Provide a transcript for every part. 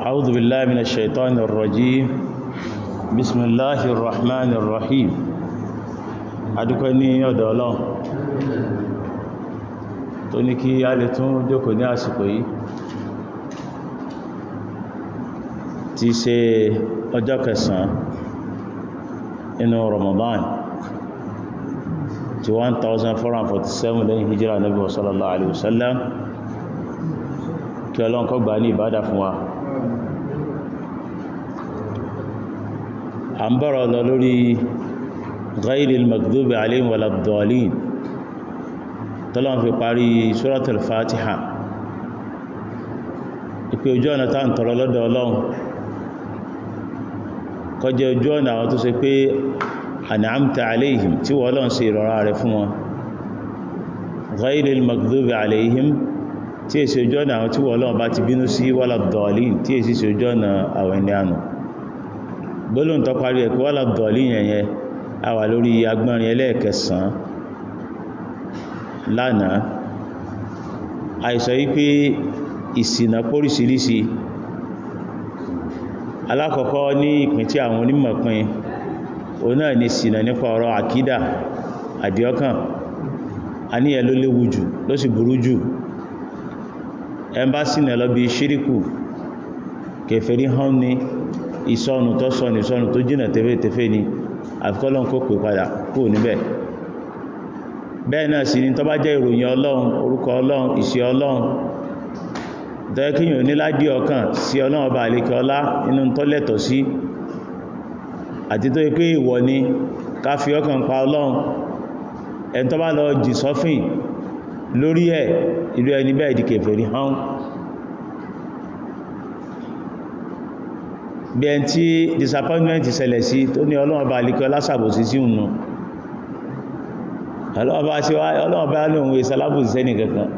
أعوذ بالله من الشيطان الرجيم بسم الله الرحمن الرحيم adúpẹ́ ní ọ̀dọ̀ ọlọ́run tó ní kí a lè tún jókòó ní àsìkò yìí ti ṣe ọjọ́ kẹsàn-án inú Ramadan ti 1447 lẹ́yìn hijira nabi sallallahu alaihi wasallam kí ọlọ́run kó gbà ní ìbádà fún wa à ń bọ̀rọ̀ lọ lórí ghairil maghdubi alayhim waladdallin tọ́lọ́n fi parí suratul fatiha ìpé ojú ọ̀nà tá ń tọrọ lọ́dọ̀ ọlọ́run kọjẹ ojú ọ̀nà àwọn tó ṣe pé an'amta alayhim tí wọ́n lọ́n ṣe ìrọ̀rá rẹ̀ fún wọn ghairil maghdubi alayhim tí èsì ojú ọ̀nà àwọn tí wọ́n lọ́n bá ti bínú sí waladdallin tí èsì ojú ọ̀nà àwọn ènìyàn gbólóhùn tó parí ẹ̀kọ́ wà lọ́gọ̀ọ́lì yẹn a wà lórí agbọ́nrin ẹlẹ́ẹ̀kẹsàn lánàá àìsọ wípé ìsìnà póríṣiríṣi alákọ̀ọ́kọ́ ní ìpín tí àwọn onímọ̀pin òun náà ni ìsìnà nípa ọ̀rọ̀ àkídà àdíọ́kàn a ní ẹ ló léwu jù ló sì burú jù ẹmbásìnà lọ bí ṣíríkù kèfèrí hàn ní ìsọnù tó sọnù ìsọnù tó jìnà tẹ́fẹ́tẹ́fẹ́ ni àfikọ́lọ́n kó pè padà kú níbẹ̀ bẹ́ẹ̀ náà sì ni tó bá jẹ́ ìròyìn ọlọ́run orúkọ ọlọ́run ìṣẹ́ ọlọ́run tẹ́kíyàn níládí ọkàn sí ọlọ́run ọba àlékẹ́ ọlá inú tó lẹ́tọ̀ sí àti ni ká fi ọkàn bí ẹn tí disappointment ṣẹlẹ̀ sí tó ní ọlọ́ọ̀bá alikọ́ lásàbòsí sí ùnà ọlọ́ọ̀bá lóhun ìsàlábòsí sẹ́nì kankan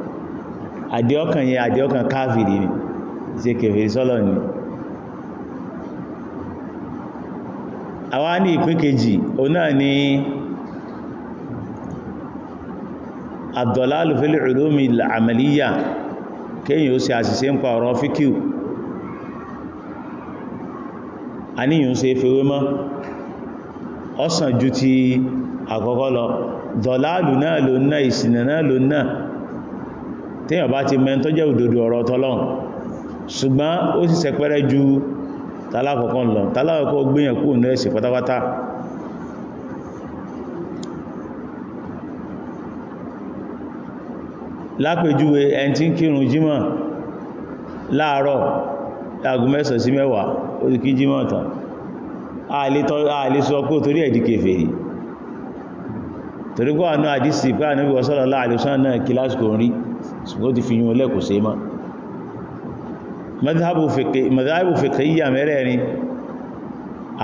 àdíọ́kàn yẹn àdíọ́kàn káàfìrí ni ṣe kèfèrí sọ́lọ̀ ni àwa ní ìpín kejì o náà ni àdọ̀lálùfẹ́lẹ̀ ìlúmi àmàlíyà kéyìn ó ṣe àṣìṣe àníyàn ṣe fèrè mọ́ ọ̀sán ju ti àkọ́kọ́ lọ dọ̀láàlù náà ló náà ìsìnà náà ló náà tíyàn bá ti mẹ́ tó jẹ́ òdodo ọ̀rọ̀ tọ́lọ́n ṣùgbọ́n ó sì sẹpẹ́rẹ́ ju tàlákọ̀ọ́kọ́ lọ tàlákọ̀ọ́kọ́ gbìyàn kú ní ẹ̀sì pátápátá lápèjúwe ẹni ó ti kí jímọ̀ tán ààlè sọ pé torí ẹ̀dì kèfèrí torí gbọ́ àánú àdísì pé àníbí ọ̀sọ́lọ́lá àlùsán náà kí lásìkò rí ṣùgbọ́n ti fi yún ọlẹ́kù sí mọ́ madhabu fiqhiyya mẹ́rẹ̀ẹ̀rin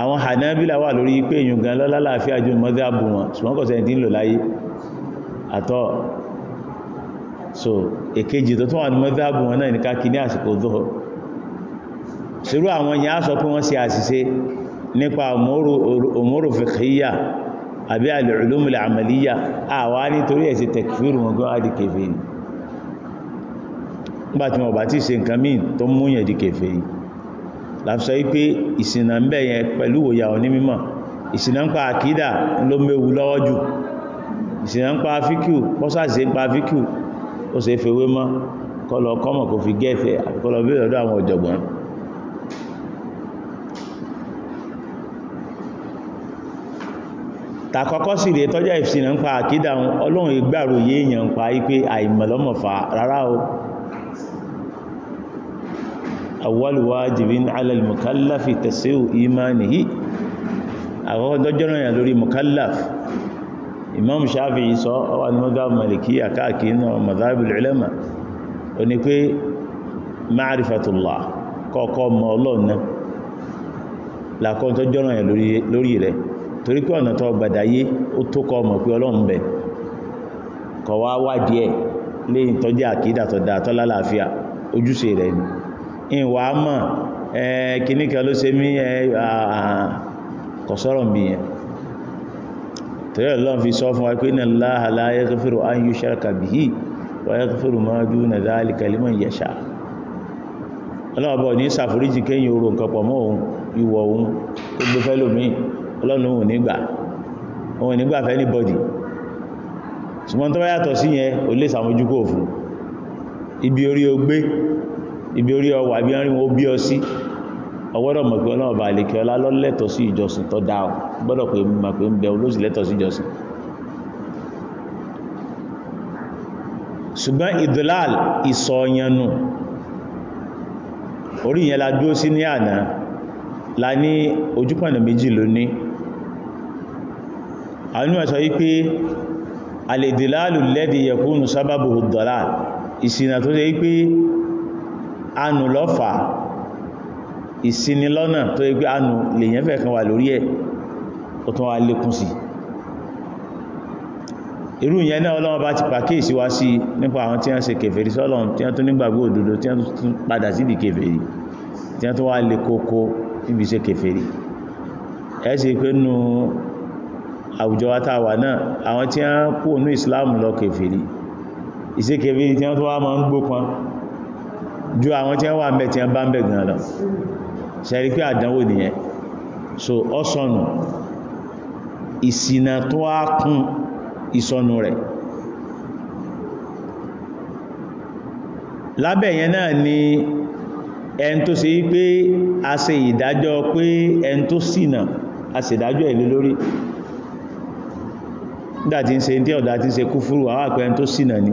àwọn Hanabila wà lórí pé èyàn gan lọ́lá láàfíà jù madhabu wọn ṣùgbọ́n kọ̀ sẹ́yìn tí ń lò láyé àtọ́ so èkejì tó tún wà ní madhabu wọn náà ní ká kí ní àsìkò dọ́ọ̀ sírú àwọn yẹn á sọ pé wọ́n ṣe àṣìṣe nípa òmòrò fìkìyà àbí alìrìlúmìlà àmàlíyà àwá nítorí ẹ̀sì tẹ̀kìfìrù wọn gan adì kèfè ní nígbàtí wọn bá tí ṣe nǹkan míì tó múyàn di kèfè yìí láfisọ́ wípé ìsìnà ń bẹ̀ yẹn pẹ̀lú òyà òní mímọ̀ ìsìnà ń pa àkídà kọ́mọ̀ kò fi gẹ́ẹ̀fẹ́ àbíkọlọ bí ọ̀dọ̀ àwọn ọ̀jọ̀gbọ́n tàkọ́kọ́ sì rẹ̀ tọ́jà ìfìsìnà ń pa àkídà ọlọ́run ìgbàrò yé èèyàn pa ipé àìmọ̀lọ́mọ̀fà rárá o awwalu wajibin ala al-mukallafi tasiru imanihi àwọn ọdọ́jọ́rọ̀ yà lórí mukallaf imam shafi'i lórí rẹ̀ torí pé ọ̀nà tó gbàdáyé ó tó kọ mọ̀ pé ọlọ́run bẹ̀ kọ̀ wá wádìí ẹ̀ léyìn tó jẹ́ àkídà tó dáa tó lálàáfíà ojúṣe rẹ̀ ni ìwà mọ̀ ẹ kìníkà ló ṣe mí ẹ kọ̀sọ́rọ̀ mi yẹn torí ọlọ́run fi sọ fún wa pé inna Allaha la yaghfiru an yushraka bihi wa yaghfiru ma duna dhalika liman yasha ọlọ́ọ̀bọ̀ ní ṣàforíjì kéyìn orò nǹkan pọ̀ mọ́ òun ìwọ̀ òun tó fẹ́lòmíì ọlọ́run òun nígbà òun nígbà fẹ́ anybody ṣùgbọ́n tó bá yàtọ̀ sí yẹn ò lè sàmójúkò fún ibi orí o gbé ibi orí ọwà bí wọ́n rí wọn ó bí ọ sí ọwọ́dọ̀ mọ̀ pé ọlọ́run ọba àlèkè ọlá lọ́lẹ́tọ̀ sí ìjọsìn tó dáa ọ gbọ́dọ̀ pé mọ̀ pé ń bẹ olóṣì sí ìjọsìn ṣùgbọ́n ìdọ́láàl ìsọ̀ọ̀yànnù orí yẹn la dúró sí ní àná la ní ojúpọ̀nà méjì lónìí àwọn ìsọ wípé alèdèlálù lẹ́dì yẹkúnù sábàbù dọ̀lá ìsìnà tó ṣe wípé anù lọ́fà ìsinmi lọ́nà tó ṣe wípé anù lèyàn fẹ́ kan wà lórí ẹ̀ ó tún wá lékún sí irú ìyẹn náà ọlọ́run bá ti pàkíyèsí wá sí nípa àwọn tí wọ́n ṣe kèfèrí sọ́lọ́run tí wọ́n tún nígbàgbọ́ òdodo tí wọ́n tún padà sí ìdí kèfèrí tí wọ́n tún wá lè kókó níbi ṣe kèfèrí ẹ̀ sì pé nù àwùjọ wa tá a wà náà àwọn tí wọ́n kú ònú ìsìláàmù lọ kèfèrí ìṣékèfé tí wọ́n tó wá máa ń gbópan ju àwọn tí wọ́n wà mẹ́ tí wọ́n bá ń bẹ̀ gan lọ ṣẹ̀rí pé àdánwò nìyẹn so ọsọnù ìsìnà tó á kún ìsọnù rẹ̀ lábẹ̀yẹn náà ni ẹn tó ṣe wípé a ṣe ìdájọ́ pé ẹn tó ṣìnà a ṣe ìdájọ́ ìlú lórí nígbà tí ń ṣe tí ọ̀dá tí ń ṣe kúfúrú àwọn àpẹẹrẹ tó ṣìnà ni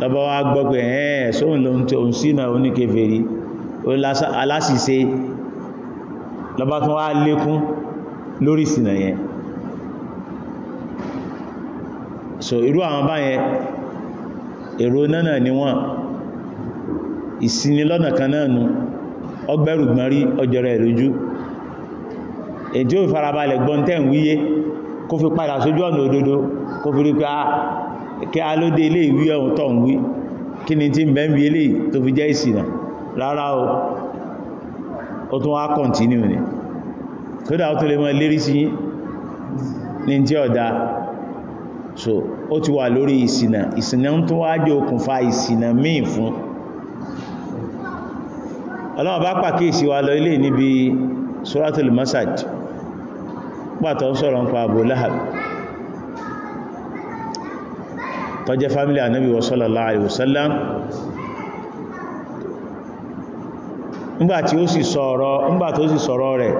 lọ́bọ́ wá gbọ́ pé ẹ̀ẹ́ sóhun ló si tó ń ṣìnà oníkèfèrí aláṣìṣe lọ́bọ́ tún wá lékún lórí yẹn so irú àwọn báyẹn èrò náà ni wọ́n ìsinmi lọ́nà kan náà nu ọgbẹ́rùgbọ́n rí ọjọ́rẹ̀ ìrújú èdè ò farabalẹ̀ gbọ́ntẹ́ ń wíyé kó fi padà sójú ọ̀nà òdodo kó fi rí pé a ah, kí a ló dé ilé ìwí ọ̀hún tọ̀ ń wí kí ni tí ń bẹ́ ń bí eléyìí tó fi jẹ́ ìsìnà rárá o ó tún wá kọ̀ntínú ni tó dá ó tó lè mọ́ lérí sí ní tí ọ̀dá so ó ti wà lórí ìsìnà ìsìnà ń tó wájú okùnfà ìsìnà míì fún ọlọ́wọ́ bá pàkíyèsí wa lọ ilé níbi suratul masad pàtọ́ ń sọ̀rọ̀ ń pa Abu Lahab tó jẹ́ fámílì ànábì sallallahu alaihi wasallam nígbàtí ó sì sọ̀rọ̀ nígbàtí ó sì sọ̀rọ̀ rẹ̀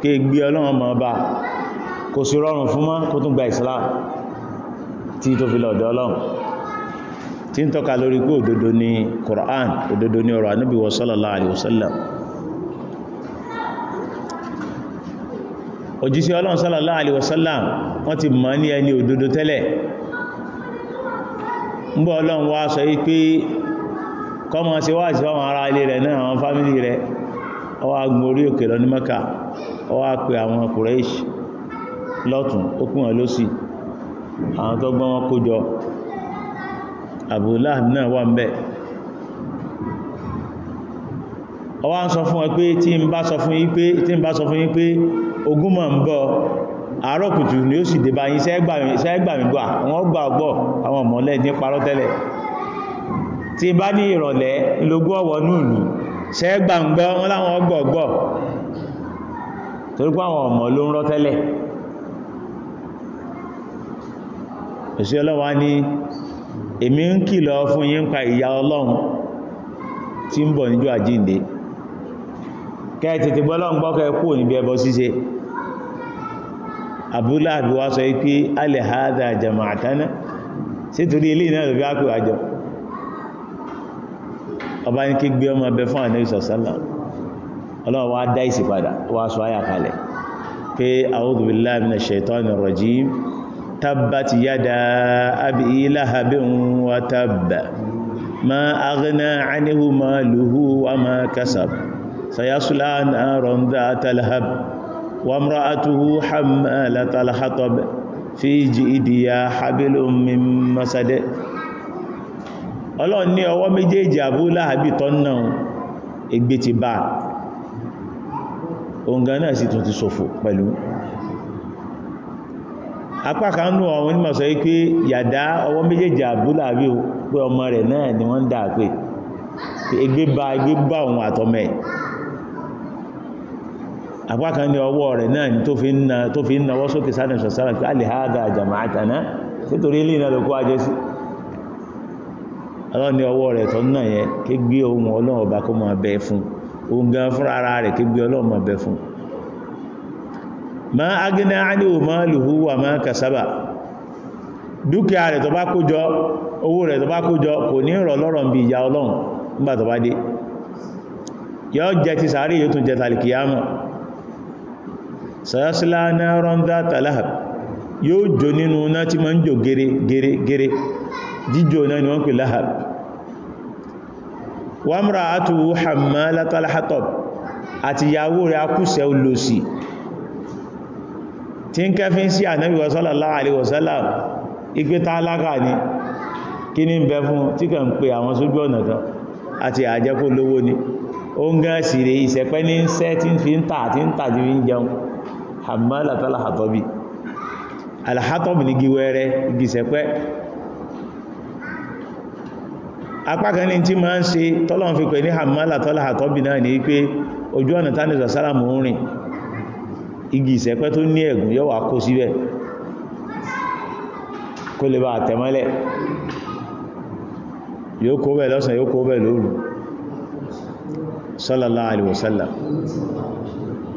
kí gbí ọlọ́run mọ̀ bá kò sí rọrùn fún mọ́ kó tún gba Islam tí tó fi lọ́dọ̀ ọlọ́run tí ń tọ́ka lórí kó òdodo ni Qur'an òdodo ni ọ̀rọ̀ ànábì sallallahu alaihi wasallam òjíṣẹ́ ọlọ́run sallallahu alaihi wasallam wọ́n ti mọ̀ ní ẹni òdodo tẹ́lẹ̀ ń bọ́ ọlọ́run wá sọ yí pé kọmọ sí wá sí àwọn ará ilé rẹ̀ náà àwọn fámílì rẹ̀ ọwá agun orí òkè lọ ní Mẹ́kà ọwá pé àwọn Kùrẹ́ṣì lọ́tún ó pín ọwá ń sọ fún wọn pé tí ń bá sọ fún yín pé ogún mọ̀ ń bọ́ àárọ̀ kùtù ni ó sì dé bá yín sẹ́gbàmígbà wọ́n gbà ọgbọ́ àwọn ọmọlẹ́ ní parọ́ tẹ́lẹ̀ tí bá ní ìrọ̀lẹ́ ìlógún ọ̀wọ̀ núùlù sẹ́gbàmgbọ́ wọ́n láwọn ọgbọ̀gbọ̀ torí àwọn ọmọ ló ń rọ́ tẹ́lẹ̀ kẹ́ tètè bọ́lọ́n gbọ́kẹ́ kú níbi ẹbọ ṣíṣe àbúlá àbí wá sọ pé alẹ́ hádà jama'atana sí torí ilé náà lórí ápò àjọ ọba ní kí gbé ọmọ ẹbẹ fún àníwì sọ̀sánà ọlọ́wọ́ wá dá ìsì ma aghna anhu maluhu wa ma kasab sayasula naran dhata lahab wa imra'atuhu hammalatal hatab fi jidiha hablum min masad ọlọ́run ní ọwọ́ méjèèjì Abu Lahabi tọ́ náà ègbé ti bá oǹgá náà sì tún ti ṣòfò pẹ̀lú apá kan nù àwọn onímọ̀ sọ wípé yàdá ọwọ́ méjèèjì Abu Lahabi pé ọmọ rẹ̀ náà ni wọ́n ń pé ègbé bá ègbé bá òun àtọmọ apákan ní ọwọ́ rẹ̀ náà tó fi ń nawọ́ sókè sáré sọ̀sára pé alìhádà jama'atana tó torí ilé ìrìnà lókó ajẹ́ sí ọlọ́ni ọwọ́ rẹ̀ tọ́ náà yẹ ké gbé ohun ọlọ́run kó máa bẹ fún ohun gan fún ara rẹ̀ ké gbé ọlọ́run ma ma ma sàyásílá náà rọ́ndá tàláhàb yóò jò nínú náà tí ma ń jò gẹ́rẹ́ gẹ́rẹ́ gẹ́rẹ́ jíjò náà ni wọ́n pè láhàb wàmúra àtù hàmà látàláhàtọ̀b àti ìyàwó rẹ̀ akúsẹ̀ olóòsì tí ń kẹfín sí ànábì sallallahu alaihi wasallam ìgbé tálákà ni kí ní bẹ fún tí kàn pé àwọn sójú ọ̀nà kan àti àjẹ́kó lówó ni ó ń gẹ́ sí rẹ̀ ìṣẹ̀pẹ́ ní ń fi ń tà àti ń tà ti ń jẹun hamalatala hatobi alhatobi ní gíwẹ́rẹ́ gíṣẹ́pẹ́ apákan ní tí máa ń ṣe tọ́lọ́n fi pẹ̀ ní hamalatala hatobi náà ní pé ojú ọ̀nà tánì sàsálàmù ń rìn igi ìṣẹ́pẹ́ tó ní ẹ̀gùn yóò wà kó síbẹ̀ kó lè bá àtẹ̀mọ́lẹ̀ yóò kó bẹ̀ lọ́sàn yóò kó bẹ̀ lóru sallallahu alaihi wasallam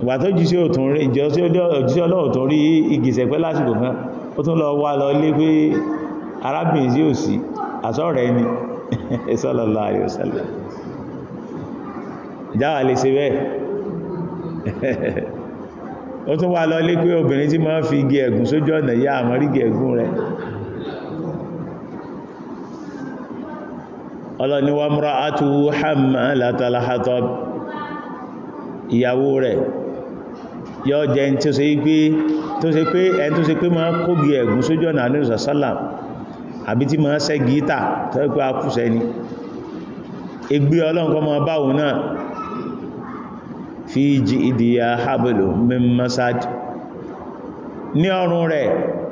ìgbà tó jíṣẹ́ ọlọ́run tó rí ìgìsẹ̀ pẹ́ lásìkò kan ó tún lọ wá lọ lé pé sí òsì ni tún wá lọ lé obìnrin tí máa fi igi ẹ̀gùn sójú ọ̀nà yá àmọ́ rí igi ẹ̀gùn rẹ̀ yọ jẹ tó ṣe pé tó ṣe pé ẹni tó ṣe pé ma kóbi ẹ̀gún sójú ọ̀nà àdínrùsà sálà àbí tí máa ṣẹ́ gíítà tó ṣe pé a kù sẹ́ni ẹgbẹ́ ọlọ́run ma báwọn náà fi jí ìdíyà hábẹ̀lò mẹ́mọ́sáàdì ní ọrùn rẹ̀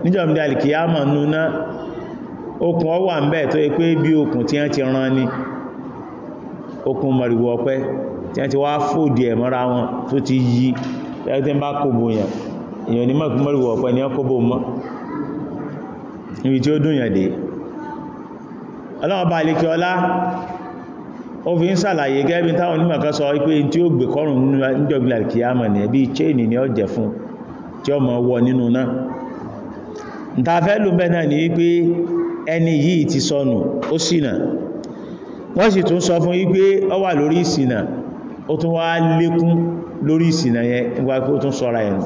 níjọ̀mdí alìkìyàmọ̀ núná okùn ọwà ń bẹ̀ tó yẹ bí okùn tí wọ́n ti rán ni okùn mọ̀rìwọ̀ ọ̀pẹ tí wọ́n ti wá fòdì ẹ̀mọ́ra wọn tó ti yí ẹgbẹ́ bá bò yàn èyàn ní mọ̀ pínmọ̀ ìwọ̀ ọ̀pẹ́ ni mọ́ níbi tí ó dùn yàn dé ọlọ́ọ̀bá alékẹ́ ọlá ó fi ń sàlàyé gẹ́bí táwọn onímọ̀kan sọ tí ó kọrùn ní ẹbí chain ni ó jẹ fún tí ó mọ̀ wọ nínú náà ìtafẹ́ náà wípé ẹni yìí ti sọnù ó wọ́n sì tún sọ fún wípé wà lórí ó lórí ìsìnà yẹn nígbà kó tún sọ́ra ẹ̀nù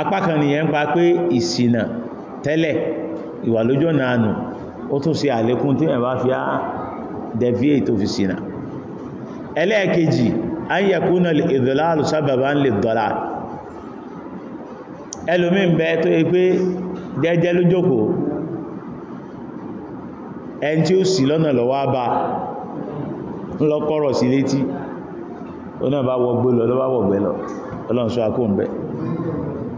apákan nìyẹn pa pé ìsìnà tẹ́lẹ̀ ìwà lójú ọ̀nà ànù ó tún ṣe àlékún tí ẹ̀bá fi á deviate tó fi sínà ẹlẹ́ẹ̀kejì ayẹ̀kúnà ìdọ̀láàlù sábàbá ń lè dọ̀lá ẹlòmí ń bẹ tó yẹ pé jẹ́jẹ́ lójókòó ẹni tí ó sì lọ́nà lọ́wọ́ bá lọ́kọ́rọ̀ sí létí ó náà bá wọgbé lọ lọ́wọ́ wọ̀gbẹ́ lọ ọlọ́run sọ akó ń bẹ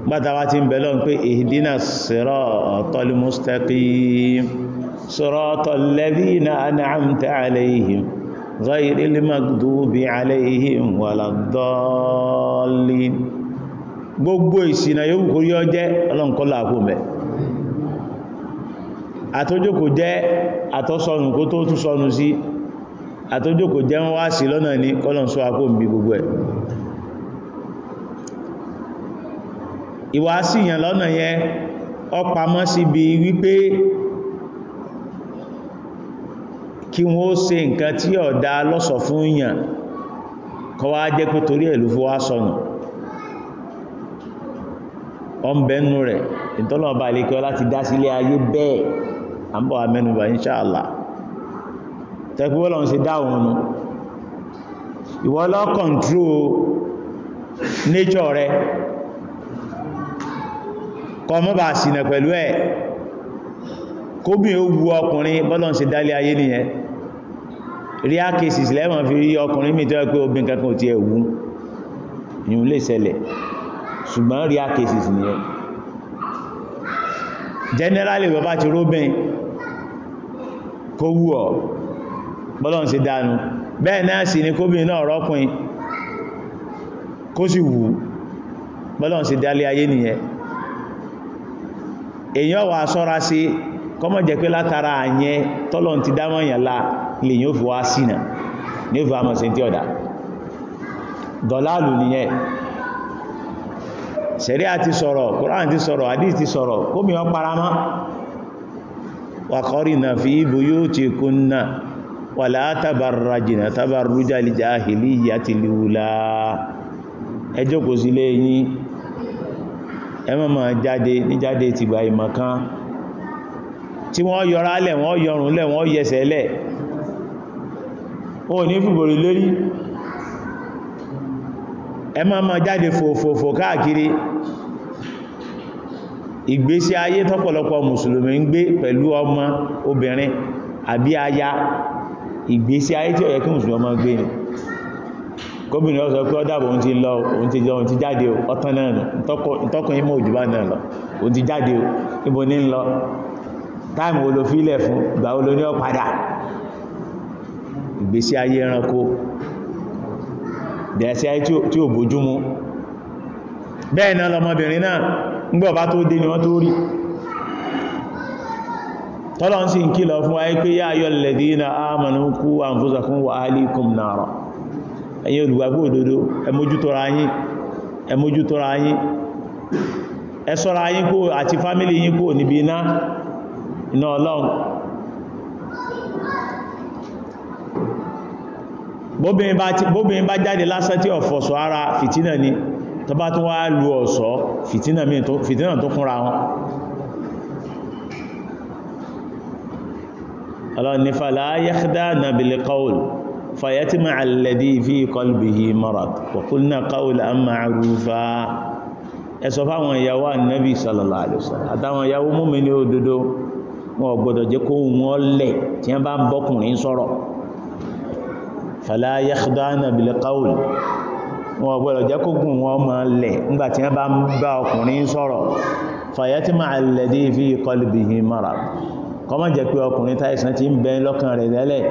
gbátawá ti ń bẹ lọ́n pé ihdina siratal mustaqim siratal ladhina an'amta alayhim ghayril maghdubi alayhim waladdallin gbogbo àtójókò jẹ́ wọ́n wá sí lọ́nà ní kọ́lọ̀ sọ àpò ń bí gbogbo ẹ̀ ìwà síyàn lọ́nà yẹn ọpamọ́ síbi wípé kí wọ́n ó ṣe nǹkan tí ọ̀dá lọ́sọ̀ fún yàn kọ́ wá jẹ́ pé torí ẹ̀lú fún wá sọnù rẹ̀ ìtọ́lọ̀ ọba ìlékọ́ láti dá sílé ayé bẹ́ẹ̀ àbọ̀ amẹ́nubà inṣáàlá tẹ́gbọ́lọ̀ sí dáhùn nù ìwọ ló kọ̀ntró nature rẹ kọ mọ́ bá sínà pẹ̀lú ẹ̀ kóbìn ó wu ọkùnrin bọ́lọ̀ sí dálé ayé nìyẹn real cases lẹ́wọ̀n fi rí ọkùnrin mi tó yẹ pé obìn kankan ò ti ẹ̀wú yìí lè ṣẹlẹ̀ ṣùgbọ́n real cases nìyẹn generally bọ́lọ́n sí dánú bẹ́ẹ̀ náà sì ní kóbìnrin náà rọ́kùnrin kó sì wù bọ́lọ́n sí dálé ayé nìyẹn èyàn wà sọ́ra sí kọ́mọ̀ pé látara àyẹn tọ́lọ̀ ti dámọ̀yàn la lè yóò fi wá sínà ní ó fi wá mọ̀ sí tí ọ̀dá dọ̀láàlù nìyẹn sẹ̀rí àti sọ̀rọ̀ kùránì ti sọ̀rọ̀ àdíì ti sọ̀rọ̀ kómi ọ paramọ́ wàkọ́rì náà fi ibù yóò ti kún náà wàlá tàbàràjìnà tàbàrújà lìjà àhìlì ìyà ti lìwùlá ẹ jókòó sílé yín ẹ má máa jáde ní jáde ti gbà ìmọ̀kan tí wọ́n yọra lẹ̀ wọ́n yọrùn lẹ̀ wọ́n yẹsẹ̀ lẹ̀ o ní fìbòrì lérí ẹ má jáde fòfòfò káàkiri ìgbésí ayé tọ́pọ̀lọpọ̀ mùsùlùmí ń gbé pẹ̀lú ọmọ obìnrin àbí aya ìgbésí ayé tí ó yẹ kí mùsùlùmí ọmọ gbé ni gómìnà ọ̀sọ̀ pé ti lọ ti lọ ti jáde ọ̀tán náà nù náà lọ ti jáde o ibo ní ń lọ táìmù wo ló fún ìgbà wo ló ní ọ̀padà ìgbésí ayé ẹranko ìgbésí ayé tí ò bójúmu bẹ́ẹ̀ náà lọmọbìnrin náà ń gbọ́ bá tó dé ni wọ́n tó rí tọ́lọ́n sì ń kílọ̀ fún wa pé yá ayọ́ lẹ̀dínà ámànú kú àǹfúsàkún wà áìlìkùn náà ẹ̀yin olùgbàgbọ́ òdodo ẹ mójútọ́ra yín ẹ mójútọ́ra yín ẹ ṣọ́ra yín kó àti fámílì yín kó níbi iná iná ọlọ́run bóbin bá jáde lásán tí ọ̀fọ̀sọ̀ ara fìtínà ni tó bá tún wá lu ọ̀ṣọ́ fìtínà tó kúnra wọn ọlọ́nifà láyáxdá na bilẹ̀ kọul fàyẹ́tí ma alẹ́dí fi kọlbìhì marad wàkúnnà kọul a máa rúfà ẹsọ fáwọn ìyàwó annabi sallallahu alaihi wasallam àtàwọn ìyàwó mùmínì òdodo wọn gbọdọ̀ jẹ́ kó wọn lẹ̀ tí wọ́n bá ń bọ́kùnrin sọ̀rọ̀ fàláyáxdá na bilẹ̀ kọul wọn gbọdọ̀ jẹ́ kó gùn wọn kọ́mọ̀ jẹ́ pé ọkùnrin táìsàn ti ń bẹ lọ́kàn rẹ̀ lẹ́lẹ̀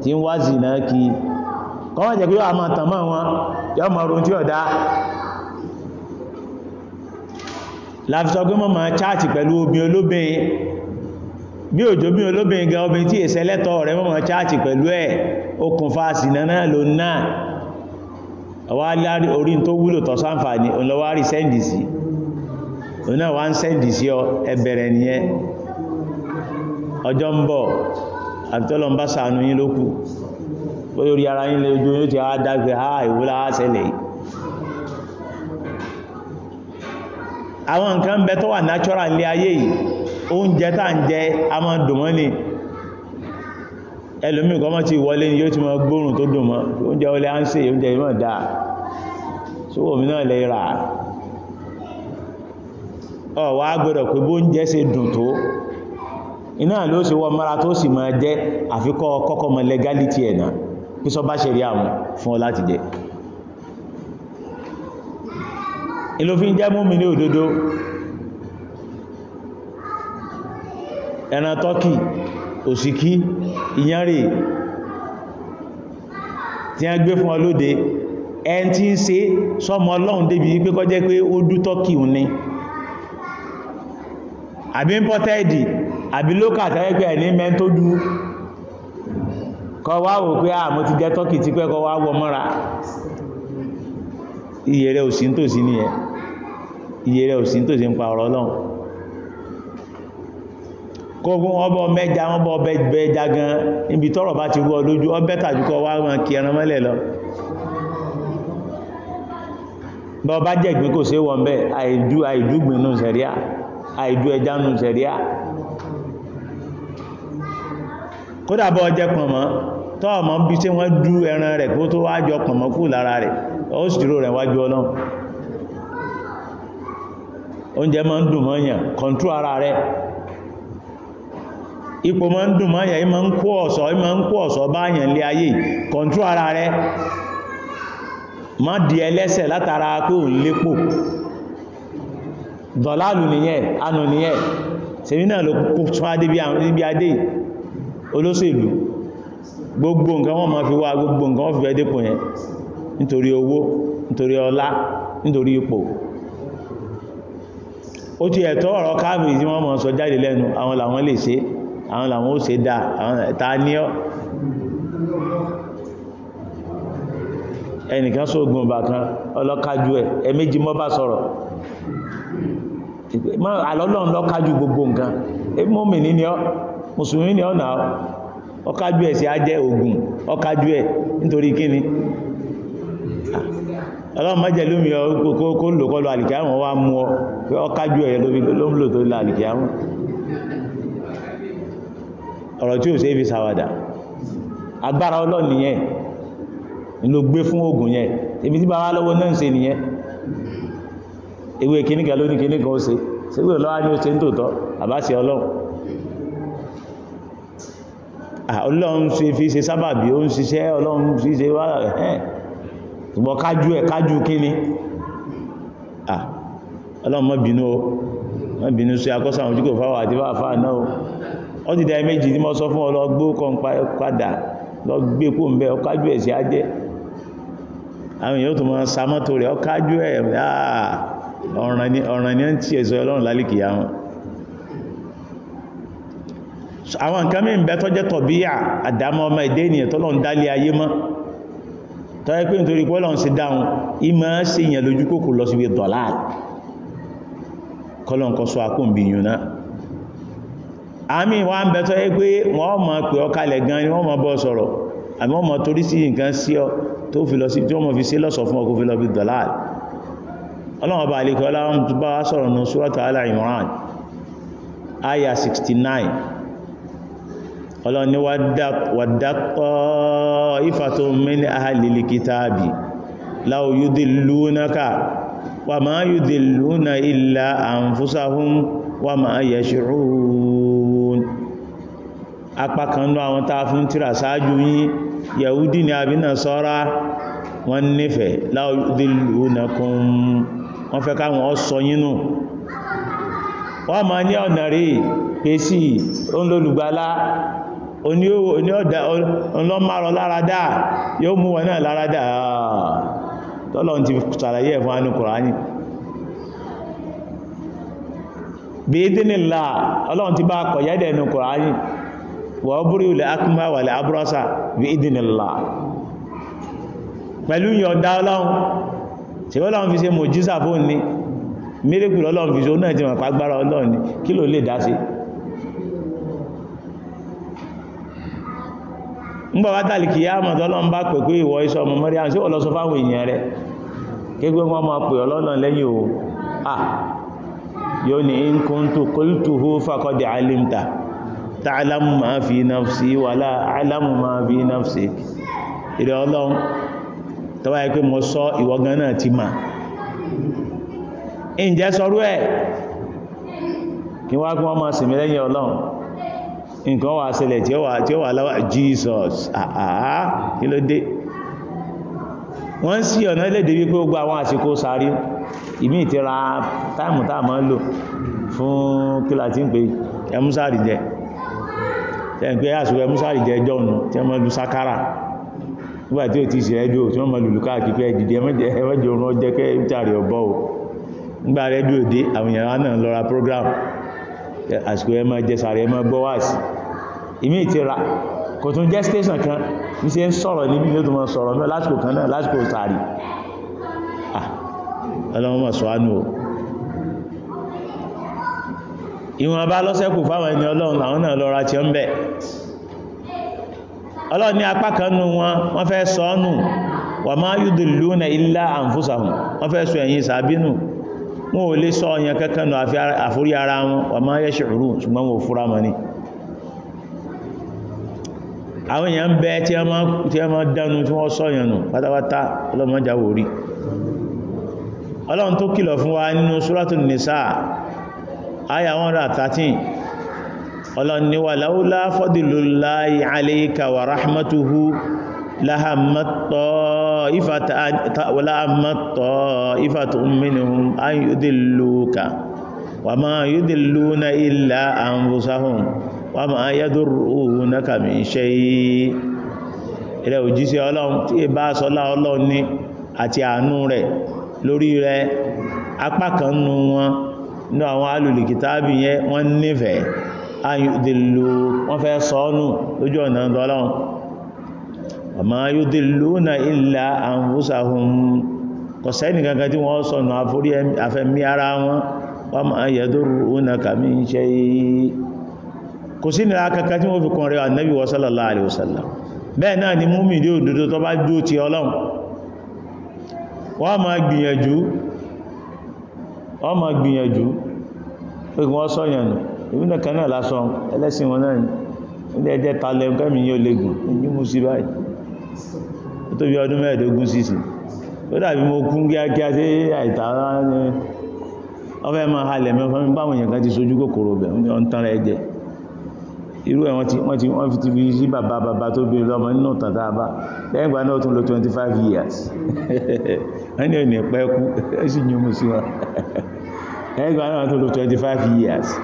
tí ń wá zìnà kí kọ́mọ̀ jẹ́ pé yọ́ àmọ́ tàn mọ́ wọn yọ́ mọ̀ orun tí ọ̀dá láfisọ́ pé mọ́ máa chaàtì pẹ̀lú obìn olóbìn bí òjò bí olóbìn gan obìn tí èsẹ lẹ́tọ̀ rẹ̀ mọ́ máa pẹ̀lú ẹ̀ okùnfà sínà náà ló náà lárí orí tó wúlò tọ́ ọlọ́wárí ọ náà wá ń ọ ẹbẹ̀rẹ̀ nìyẹn ọjọ́ ń bọ̀ àtọ́lọ́n bá sàánú yín lókù lórí ara yín lè ojú yóò ti á dágbé ha ìwúlá ṣẹlẹ̀ àwọn nǹkan bẹ tó wà natural ilé ayé yìí oúnjẹ tá ń jẹ a máa dùnmọ́ ni ẹlòmí kọ́ mọ́ ti wọlé ni yóò ti mọ́ gbóòrùn tó dùnmọ́ oúnjẹ olè á ń ṣe oúnjẹ ìmọ̀ dáa sówò mi náà lè rà ọ̀ wá gbọ́dọ̀ pé bóúnjẹ ṣe dùn tó iná ló sì wọ mara tó sì máa jẹ́ àfikọ́ kọ́kọ́ mọ legality ẹ̀nà kí sọ bá ṣe rí àwọn fún ọ láti jẹ ìlòfin jẹ́ mú mi ní òdodo ẹran tọ́kì òsìkí ìyánrè tí a gbé fún ọlóde ẹn tí ń ṣe sọmọ ọlọ́run débi wípé kọjẹ́ pé ó dú tọ́kì ún ni àbí ń pọ́tẹ́ẹ̀dì àbí lókà tẹ́gbẹ́ ẹ̀ ní mẹ́ntójú kọ wá wò pé àmọ́ ah, ti jẹ́ tọ́kì tí pẹ́ kọ wá wọ mọ́ra iye rẹ̀ ò sí ń tòsí ní ẹ iye rẹ̀ ò sí ń tòsí ń pa ọ̀rọ̀ Ọlọ́run kógún ọbọ̀ mẹ́ja wọn bọ́ bẹ́ja gan ibi tọ́rọ̀ bá ti rú ọ lójú ọbẹ̀ tàjúkọ wá wọn kí ẹran mọ́lẹ̀ lọ bọ́ bá jẹ́ kò sí wọ́n bẹ́ẹ̀ àìdú àìdúgbìn sẹ̀ríà kódà bọ́ jẹ pọ̀nmọ́ tọ́ ọmọ bí tí wọ́n dú ẹran rẹ̀ kó tó wá jọ kú lára rẹ̀ ó sì dúró rẹ̀ wájú ọlọ́run oúnjẹ máa ń dùn mọ́yàn kọ̀ntú ara rẹ̀ ipò ma ń dùn mọ́yàn ọsọ ń kó ọ̀sọ̀ ìmọ̀ ń kó ọ̀sọ̀ báyàn lé ara rẹ̀ má di ẹlẹ́sẹ̀ látara pé ò ń lépò dọ̀lálù nìyẹn anù nìyẹn ló kó tún olóṣèlú gbogbo nǹkan wọ́n ma fi wá gbogbo nǹkan wọ́n fi fẹ́ dépò yẹn nítorí owó nítorí ọlá nítorí ipò ó ti ẹ̀tọ́ ọ̀rọ̀ káàmì tí wọ́n mọ̀ sọ jáde lẹ́nu àwọn làwọn lè ṣe àwọn làwọn ó ṣe dá àwọn ẹ̀ta ní ọ́ ẹnìkan sóògùn ọba kan ọlọ́kájú ẹ̀ ẹ̀mẹ́jì mọ́ bá sọ̀rọ̀ gbogbo nǹkan mọ́mìnì ni ọ́ mùsùlùmí ni ọ̀nà ọkájú ẹ̀ sí ajẹ́ ogun ọkájú ẹ̀ nítorí kíni ọlọ́mọ́jẹ̀ lómi kó lò kọlu àlìkíyàmọ̀ wá mú ọ pé ọkájú ẹ̀ lómìlò tó lọ àlìkíyàmọ̀ ọ̀rọ̀ tí ò sí ibi agbára ló gbé fún ọlọ́run ṣe fi ṣe sábàbí ó ń ṣiṣẹ́ ọlọ́run fi ṣe wá ẹ̀ ṣùgbọ́n kájú ẹ̀ kájú kíni ọlọ́run má bínú o má bínú sí akọ́sà àwọn ojúkò fáwọ̀ àti fáfá náà o ó ti dá méjì tí mo sọ fún ọ lọ gbó kan padà lọ gbé kó ń bẹ ọ kájú ẹ̀ sí ajẹ́ àwọn èèyàn tó máa sa mọ́tò rẹ̀ ọ kájú ẹ̀ ọ̀ràn ni ó ń tí ẹ̀sọ́ ọlọ́run lálìkìyà wọn àwọn nǹkan mí ń bẹ tó jẹ́ tọ̀bíyà àdámọ́ ọmọ ìdé ènìyàn tó lọ́n dálé ayé mọ́ tó yẹ pé nítorí pé lọ́n sí dáhùn ìmọ̀ sí ìyàn lójú kòkò lọ síbi dọ̀lá kọlọ̀n kọ́ sọ àkóǹbì yùn náà àmì wà ń bẹ tó yẹ pé wọ́n mọ̀ pé ọkalẹ̀ gan ni wọ́n mọ̀ bọ́ sọ̀rọ̀ àmì wọ́n mọ̀ torí sí nǹkan sí ọ tó fi fi sí lọ́sọ̀ fún ọkọ̀ fi lọ bí dọ̀lá ọlọ́wọ́n bá àlekọ́ ọlọ́wọ́n tó bá aya 69 ọlọ́ni wàdákọ́ ìfàtò min ahàlìlì kìtàbì láò yúdì lúnáka wà máa yúdì lúnà ìlà àǹfúsáhún wà máa yẹ ṣìrún apákanú àwọn tàà fún tíra sáájú yí yahudi ni àbínà sọ́rá wọ́n nífẹ̀ láò yúdì lúnà pèsè òun oní ọ̀dá ọlọ́márọ láradá yóò mú wọn náà láradá tọ́lọ́n ti sàlàyé ẹ̀fún anú kùránì bí ìdínlá ọlọ́run ti bá kọ̀yẹ́dẹ̀ ẹnu kùránì wà ó búrí ilẹ̀ akúmá wà lẹ́ abúrọ́sà bí ìdínlá pẹ̀lú yọ̀ǹda ọlọ́run tí ọlọ́run fi ṣe mọ̀jísà fóun ní mírèkù ọlọ́run fi ṣe ngbàwá tàlìkì yá àmọ̀ tọ́lọ́ ń bá pè ìwọ iṣẹ́ ọmọ Maryam sí ọlọ́sọ fáwọn èèyàn rẹ̀ kégbé wọn máa pè ọlọ́nà lẹ́yìn o à yóò ní alimta ta'lamu ma fi wala a'lamu ma fi nafsi ìrẹ̀ ọlọ́run tọ́wá yẹ pé mo sọ ìwọ gan náà ti mà ǹjẹ́ sọrú ẹ̀ kí wọ́n á kí nǹkan wà ṣẹlẹ̀ tí ó wà tí Jesus àà kí ló dé wọ́n ń sí ọ̀nà ilẹ̀ débi pé ó gba àwọn kó sáré ìmí ìtira táìmù táà ń lò fún kílà tí ń pe ẹmúsàrì jẹ ẹ̀pẹ́ ẹmúsàrì jẹ ẹjọ́ ọ̀nà tí wọ́n lu sakara tí àsìkò ẹ máa jẹ sàárẹ̀ ẹ máa gbọ́ wáàsí ìmí ìtira kò tún jẹ́ station kan ní ṣe ń sọ̀rọ̀ níbi ní ó tún mọ́ sọ̀rọ̀ náà lásìkò kan náà lásìkò sàárì ah, ọlọ́wọ́n sọ ánú o ìwọ̀n bá lọ́sẹ́kù fáwọn ẹni ọlọ́run àwọn náà lọ́ra tí ó ń bẹ̀ ọlọ́run ní apá kan nú wọn wọ́n fẹ́ sọ ọ́nù wà máa yúdùlú na ilá àǹfúsàhùn wọ́n fẹ́ sọ ẹ̀yìn sàbínú wọn ò lè sọ ọ̀yàn kankanù àforí ara wọn wà máa yẹ́ ṣòro ṣùgbọ́n wọn ò fúra mọ́ ní àwọn èèyàn ń bẹ tí a máa dánu tí wọ́n sọ ọ̀yàn nù pátápátá ọlọ́mọjáwò rí ọlọ́run tó kìlọ̀ fún wa nínú Suratul Nisa àyà 113 ọlọ́run ni wà láúlá fadlullahi alayka láhàmọ́tọ̀ ìfàtọ̀ mínúhùn ayúdìlúkà wà máa yúdìlú na ilá àmúsáhùn wà máa yẹ́dùrú na kàmí ṣe ilẹ̀ òjíṣẹ́ ọlọ́run tí è bá sọlá ọlọ́run ní àti àánú rẹ̀ lórí rẹ̀ apá kan nú wọn ní àwọn alùlùkítàbí yẹn ọmọ yudilluna illa anfusahum kò sẹ́ni kankan tí wọ́n sọnù àfẹ́mí ara wọn wọ́n ma yadurrunaka min shay kò sí nira kankan tí wọ́n fi kún rẹ̀ ànábì wa sallallahu alaihi wasallam bẹ́ẹ̀ náà ni múmi dé òdòdó tó bá dó ti ọlọ́run wọ́n ma gbìyànjú wọ́n ma gbìyànjú tó bí ọdún mẹ́ẹ̀dógún sísì ó dàbí mo kún kíákíá sí àìtàrá ní ọfẹ́ máa halẹ̀ mẹ́fà mi báwọn èèyàn kan ti sojú kòkòrò bẹ̀ ń tán rẹ̀ jẹ irú ẹ̀ wọ́n ti fi sí bàbá bàbá tó bí lọ́mọ nínú tàtà bá lẹ́yìn náà tún lo 25 years wọ́n ní òní pẹ́ kú ó sì yún mú sí wọn lẹ́yìn náà tún lo 25 years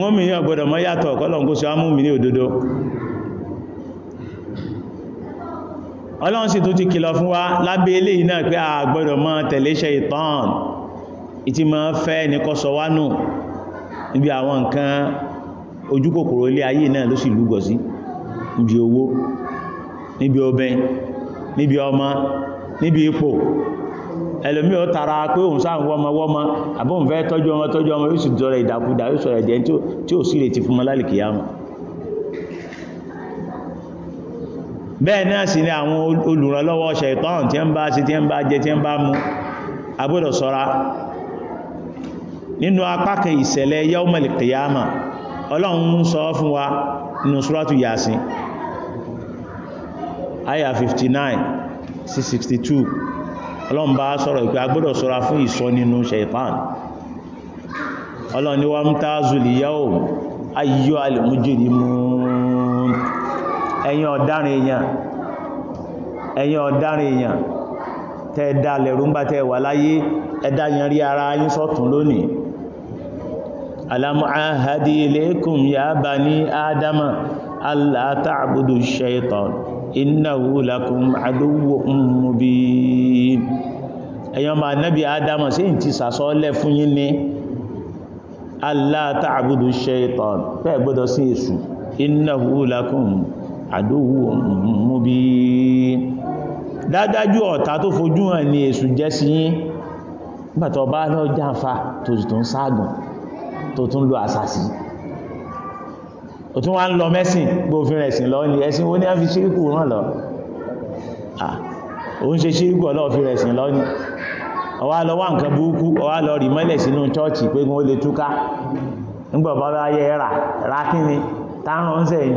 mọ́mí ní ọ̀gbọ́dọ̀ mọ́ yàtọ̀ kọ́lọ̀ ń kó sọ ámú mi ní òdodo ọlọ́run sì tó ti kìlọ̀ fún wa lábẹ́ ilé iná pé a gbọ́dọ̀ mọ́ tẹ̀lé ṣe ìtàn ìtí mọ́ fẹ́ ní kọ́ sọ wá nù níbi àwọn nǹkan ojúkòkòrò ilé ayé náà ló sì lúgọ̀ sí níbi owó níbi obìn níbi ọmọ níbi ipò ẹlòmí ó tara pé òun sáà ń wọ́mọ wọ́mọ àbóhùn fẹ́ tọ́jú ọmọ tọ́jú ọmọ yóò sì jọrọ ìdàkudà yóò sọ̀rọ̀ ẹ̀dẹ́ tí ò sí ìrètí fún mọ́ lálìkìyàmọ̀ bẹ́ẹ̀ náà sì ni àwọn olùrànlọ́wọ́ ṣẹ̀tọ́n tí ó ń bá sí tí ó ń bá jẹ tí ó ń bá mú agbọ́dọ̀ ṣọ́ra nínú apákan ìṣẹ̀lẹ̀ yawmal ọlọ́run ń sọ fún wa nínú suratu yasin aya 59 sí 62 ọlọ́run bá sọ̀rọ̀ ìpé agbọ́dọ̀ ṣọ́ra fún ìsọ nínú ṣẹ̀tọ́n ọlọ́run ni mujrimun ẹ̀yin ọ̀daràn èèyàn ẹ̀yin ọ̀daràn èèyàn tẹ́ dá lẹ̀rú ń bá tẹ́ wà láyé ẹ̀dá yẹn rí ara yín sọ́tún lónìí alamu ahadi ilaykum ya bani adama alla ta'budu shaytan innahu lakum aduwwun mubin ẹ̀yin ọmọ adama sí ti sàsọ́lẹ̀ fún yín ní alla ta'budu pẹ́ gbọ́dọ̀ sí èṣù innahu lakum àdówù mú bí dájájú ọ̀tá tó fojú hàn ní èṣù jẹ́ sí yín nígbàtọ̀ bá lọ jáǹfà tó sì tún ságùn tó tún lo àsàsí ò tún wá ń lọ mẹ́sìn gbófin ẹ̀sìn lọ ní ẹ̀sìn wo ní a fi ṣíríkù ràn lọ òun ṣe ṣíríkù ọlọ́ọ̀fin ẹ̀sìn lọ ní ọwá lọ wá nǹkan burúkú ọwá lọ rí mọ́lẹ̀ sínú chọ́ọ̀chì pé wọ́n lè túká nígbà bá bá yẹ rà rákíní táwọn ń sẹ́yìn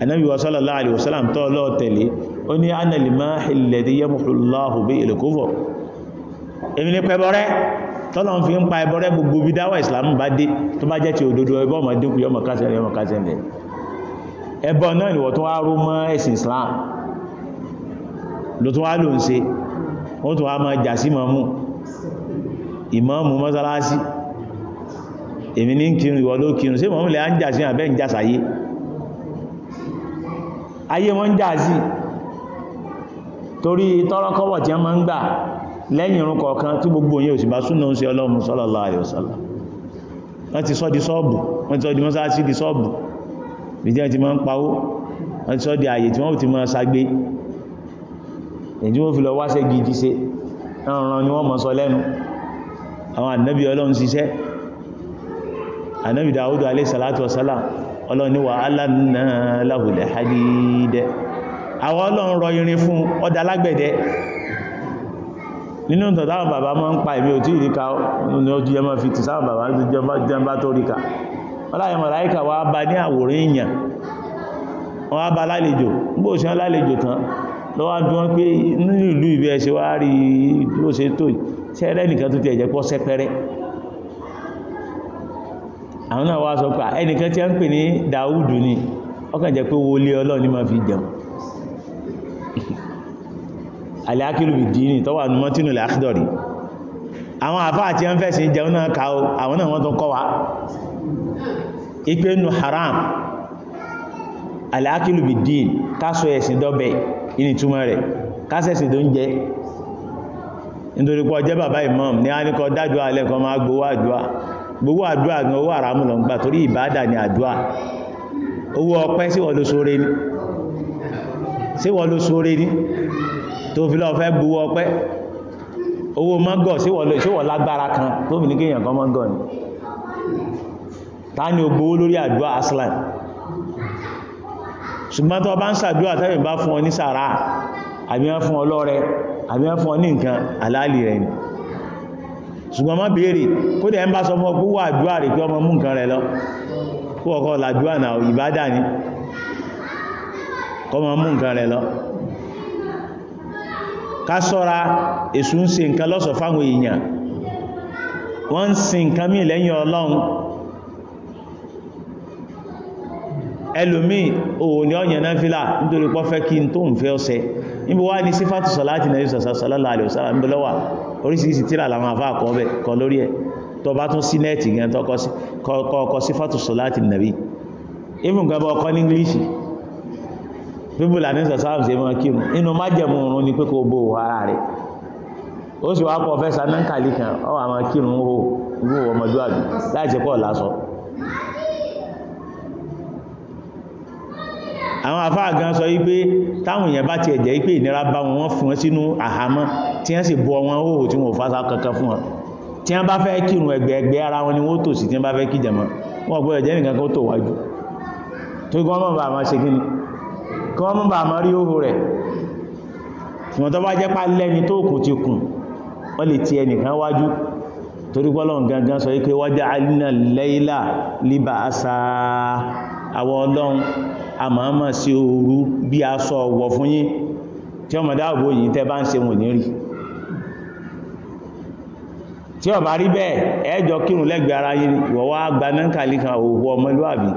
Ànábì sallallahu alaihi wasallam tọ́ lọ tẹ̀lé ó ní anàlìmá alladhi yamhullahu bil kufr èmi ní pẹ́bọ́rẹ́ tọ́lọ̀ fi ń pa ẹbọ́rẹ́ gbogbo bí dáwà ìsìlámù bá dé tó bá jẹ́ ti òdodo ẹbọ́ ọmọ dínkù yọmọ kásẹ̀lẹ̀ yọmọ kásẹ̀lẹ̀ ẹbọ náà ìwọ̀ tó wá rú mọ́ ẹ̀sìn Islam ló tó wá ló ń ṣe ó ayé wọn ń jà sí torí tọ́rọkọ́wọ̀ tí wọ́n máa ń gbà lẹ́yìn irun kọ̀ọ̀kan tí gbogbo òyìn òsìbá súnà ń ṣe ọlọ́run sallallahu alaihi wasallam wọ́n ti sọ́ di sọ́ọ̀bù wọ́n ti sọ́ di mọ́sáàsì di sọ́ọ̀bù ìdí ẹ̀tí máa ń pawó wọ́n ti sọ́ di ààyè tí àwọn ànábì ọlọ́run ṣiṣẹ́ ànábì Dáúdù alayhi salatu ọlọ́run ní wà aláàmìnà láhùlẹ̀ hadidẹ àwọn ọlọ́run rọ irin fún ọdá lágbẹ̀dẹ nínú tọ̀tà àwọn bàbá máa ń pa èmi ò tí ìríka ní ojú ẹmọ́ fi tì sáwọn bàbá tó jẹmbá tó ríka ọláyẹmọ̀ láìka wà bá ní àwòrán èèyàn wọ́n á bá lálejò gbóò sí lálejò tán lọ́wọ́ bí wọ́n pé nínú ìlú ìbí ẹ̀ṣẹ̀ wá rí ìdúróṣe tó ṣẹ́rẹ́ nìkan tó ti ẹ̀jẹ̀ pọ́ sẹ́pẹ́rẹ́ àwọn náà wá sọ pé ẹnìkan tí a ń pè ní dáúdù ni ọkàn jẹ́ pé wo lé ọlọ́ni ma fi jẹun aláàkìlùbì dìínì tó wà nùmọ́ tínú láàkìdọ̀rí àwọn àfá àti ẹn fẹ́sìn jẹun náà ká àwọn náà wọ́n tó kọ́ wa ipé nù haram aláàkìlùbì dìín kásọ ẹ̀sìn dọ́bẹ̀ inì túmọ̀ rẹ̀ kásẹ̀sìn tó ń jẹ nítorí pọ̀ jẹ́ bàbá imam ní a ní kọ dájúwà lẹ́kọ̀ọ́ máa gbówà jùwà gbogbo àdúrà ní owó àràmù lọ ń gbà torí ìbádà ni àdúrà owó ọpẹ́ sí wọ́n ló sóre ní sí wọ́n ló sóre ní tó fi lọ fẹ́ buwọ́ ọpẹ́ owó mọ́gọ̀ sí wọ́n lágbára kan tó fi ní kí èèyàn kan mọ́gọ̀ ni ta ni lórí àdúrà aslan ṣùgbọ́n tó bá ń sàdúrà tẹ́bí bá fún ọ ní sàrà àbí wọ́n fún ọ lọ́rẹ àbí wọ́n fún ọ ní nǹkan àlálì rẹ̀ ni ṣùgbọ́n má béèrè kó dẹ̀ ń bá sọ fún ọkọ̀ wà rẹ̀ ọmọ mú nǹkan rẹ̀ lọ kó ọkọ̀ làdúrà náà ìbádà ní kọ́ mọ mú nǹkan rẹ̀ lọ ká sọ́ra èṣù ń ṣe nǹkan lọ́sọ̀ fáwọn èèyàn wọ́n ń sin nǹkan mí lẹ́yìn ọlọ́run ẹlòmíì ni ọ̀yàn náà fílà nítorí kí n tó oríṣiríṣi tíra làwọn àfá àkọ́ bẹ̀ kọ lórí ẹ̀ tó bá tún sí nẹ́ẹ̀tì gan tó kọ́ sí fọ́tù sọ́láàtì nàbí even gan bọ́ ọkọ́ ní english people and nurse sáàmù sí ẹmọ kírun inú májẹ̀mú oorun ni pé kò bo ara rẹ̀ ó sì wá pọ̀ fẹ́ sanáńkàlì kan ọ àwọn kírun ó wò ọmọdúwàbí láì ṣe pọ̀ lásọ àwọn àfáà gan sọ wípé táwọn èèyàn bá ti ẹ̀jẹ̀ wípé ìnira bá wọn wọ́n fún wọn sínú àhámọ́ tí wọ́n sì bọ́ wọn ó tí wọ́n fásá kankan fún wọn tí wọ́n bá fẹ́ kírun ẹgbẹ́ ẹgbẹ́ ara wọn ni wọ́n tò sí tí wọ́n bá fẹ́ kí jẹ̀mọ́ wọn gbọ́dọ̀ jẹ́ nìkan kó tò wájú tó kí wọ́n mọ̀ bá máa ṣe kí ni kí wọ́n mọ̀ bá máa rí òhò rẹ̀ ṣùgbọ́n tó bá jẹ́ pa lẹ́ni tó kù ti kùn wọ́n lè ti ẹnìkan wájú torí pọ́lọ̀n àwọn ọlọ́run a máa mọ̀ sí òru bí a sọ ọ̀wọ̀ fún yín tí ọmọ dáàbò yìí tẹ́ bá ń ṣe wọ̀n ní rí tí ó bá rí bẹ́ẹ̀ ẹjọ́ kírun lẹ́gbẹ̀ẹ́ ara yìí ìwọ̀ wá gba mẹ́ǹkàlì kan òwò ọmọlúwàbí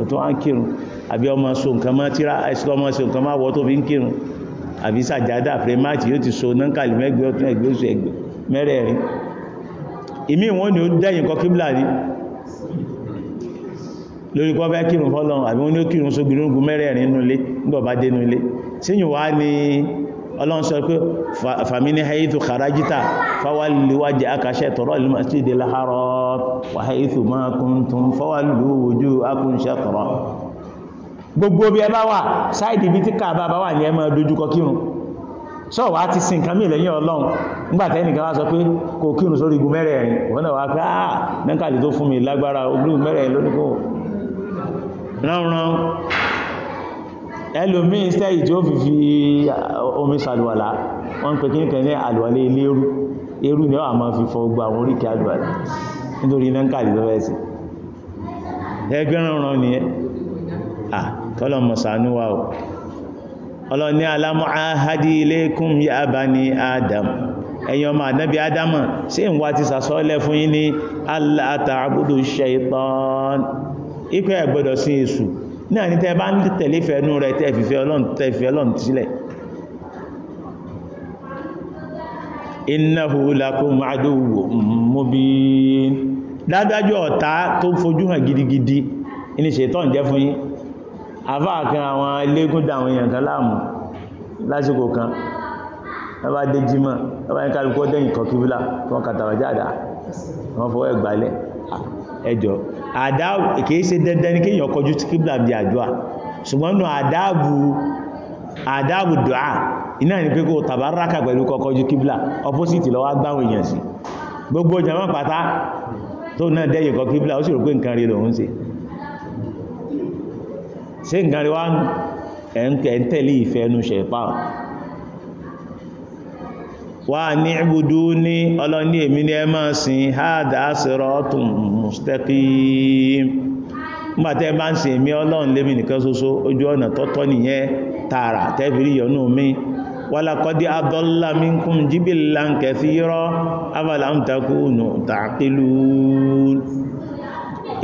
ò tó wá ń kírun àbí ọmọ so nǹkan mọ́ tíra ẹ̀sùn ọmọ so nǹkan máa wọ́ tó fi ń kírun àbí sàjádà premati yóò ti so mẹ́ǹkàlì mẹ́gbẹ̀ẹ́ ọ̀tún ẹgbẹ́ oṣù ẹgbẹ́ mẹ́rẹ̀ẹ̀rin ìmí wọn ni ó dẹ́yìn kọ kíbla ni lórí kọ́ fẹ́ kírun fọ́lọ́n àbí wọ́n ní ó kírun sóbi lóògùn mẹ́rẹ̀ẹ̀rin inú ilé nígbàbá dénú ilé síyìn wá ní ọlọ́run sọ pé fàmíní haithu kharajita fawalli wajhaka shatral masjidil haithu ma kuntum fawallu wujuhakum shatrah lágbára ogún mẹ́rẹ̀ẹ̀rin lónìí ránran ẹlòmí iṣẹ́ ìjì ó fi fi omi sàlùwàlá wọ́n pè kíníkẹ̀ ní àlùwàlá ilé eru eru ni ó àmọ́ fi fọ gbà àwọn oríkẹ́ àlùwàlá nítorí iná ń kàlì lọ́wẹ́sì ẹgbẹ́ ránran ni ẹ kọlọmọsánú wa o ọlọ́ni alámọ́ ahadi ilékún ya bá ní ipé ẹ̀gbọ́dọ̀ sí èṣù náà ní tẹ́ bá ń tẹ̀lé fẹ́nú rẹ̀ tẹ́ fìfẹ́ ọlọ́run sílẹ̀ innahu lakum aduwwu mubin dádájọ́ ọ̀tá tó fojú hàn gidigidi ní ṣètọ́n jẹ́ fún yín àfáàkan àwọn ilégún dáwọn èèyàn kan láàmú lásìkò kan ẹbá dé jímọ̀ ẹbá ní kálukú ọdẹ́yìn kọkíbílà fún kàtàwàjáàdá wọ́n fọwọ́ ẹgbàálẹ̀ ẹjọ́ àdáàbù kìí ṣe dandan ní kíyàn kọjú tí kíblà bí àdúà ṣùgbọ́n nù àdáàbù àdáàbù dùá iná ní pé kó tàbáraka pẹ̀lú kọkọjú kíblà opposite lọ wá gbáwọn èèyàn sí gbogbo jama pátá tó náà dẹ́yẹ kọ kíblà ó sì rò pé nǹkan rí lòun ṣe ṣe nǹkan rí wá ń tẹ̀lé ìfẹ́ ẹnu ṣẹ̀pá wà ní ibùdó ní ọlọ́ní èmi ní ẹ máa sin háàdà sírọ́tùn mustaqim nígbàtẹ́ bá ń ṣe èmí ọlọ́run lémi nìkan ṣoṣo ojú ọ̀nà tọ́tọ́ nìyẹn tààrà tẹ́fìrí yọnú mi wálakọ́dí adọ́lá minkum jíbìlá ń kẹfì rọ́ abàlá ń takúnù tààkìlú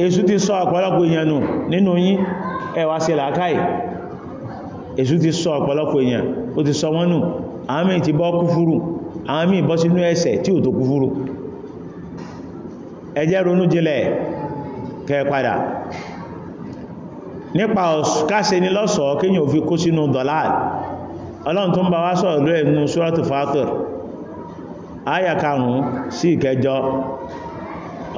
èṣù ti sọ ọ̀pọ̀lọpọ̀ èèyàn nù nínú yín ẹ wá ṣe làákàì èṣù ti sọ ọ̀pọ̀lọpọ̀ èèyàn ó ti sọ wọ́n nù àmì ti bọ́ kúfúrù àmì ìbọ́ sínú ẹ̀ṣẹ̀ tí ò tó kúfúrù ẹ jẹ́ ronú jinlẹ̀ kẹ padà nípa káṣe ní lọ́sọ̀ọ́ kíyàn fi kó sínú dọ̀láàlì ọlọ́run tó ń bá wá sọ̀rọ̀ lórí ẹnu Suratul Fatir àyà karùn-ún sí ìkẹjọ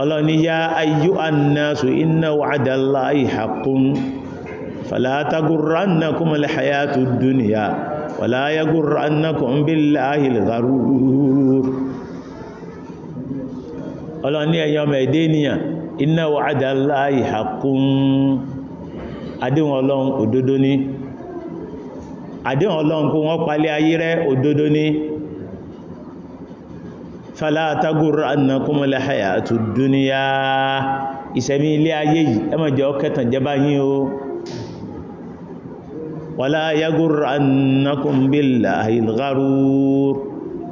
ọlọ́run ní yá ayyuhan nasu inna wa'dallahi haqqun fala tagurrannakumul ọlọ́ni ẹ̀yàn ọmọ ẹ̀dẹ́ ènìyàn inna wa'ada Allahi haqqun àdéhùn ọlọ́run òdodo ní àdéhùn ọlọ́run kó wọ́n palẹ̀ ayé rẹ̀ òdodo ní fala tagurrannakumul hayatud dunya ìṣẹ̀mí ilé ayé yìí ẹmọ̀jẹ́ ọkẹtàn jẹba yín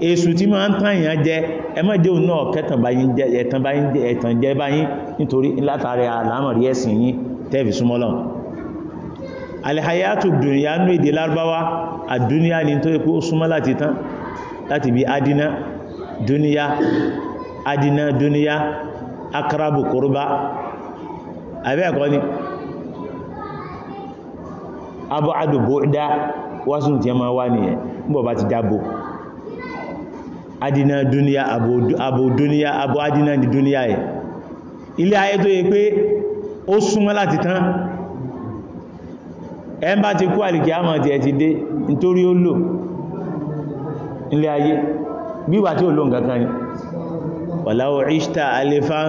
èsù tí máa ń tán èèyàn jẹ ẹmọ́jẹ́ òun náà kẹtàn báyín jẹ ẹ̀tàn báyín jẹ ẹ̀tàn jẹ báyín nítorí látàrí àlámọ̀rí ẹ̀sìn yín tẹ́ẹ̀fì súnmọ́lọ̀ alihayatu dùnìyà ní èdè lárúbáwá àdúníyà ní tó ikú súnmọ́ láti tán láti bí adina dúníyà adina dúníyà akarabu kúrúbá àbẹ́ ẹ̀kọ́ ni abu adùbò dá wásùn tí a máa wá nìyẹn nígbà bá ti dábò adínà dúníyà àbò dúníyà àbò adínà di dúníyà ẹ̀ e. ilé ayé tó yẹ pé ó súnmọ́ láti tán ẹ bá ti kú àlìkì àmà ti ẹ̀ ti dé nítorí ó lò ilé ayé bíwà tí ó lò nǹkan kan ni wàláwò ìṣtà alifan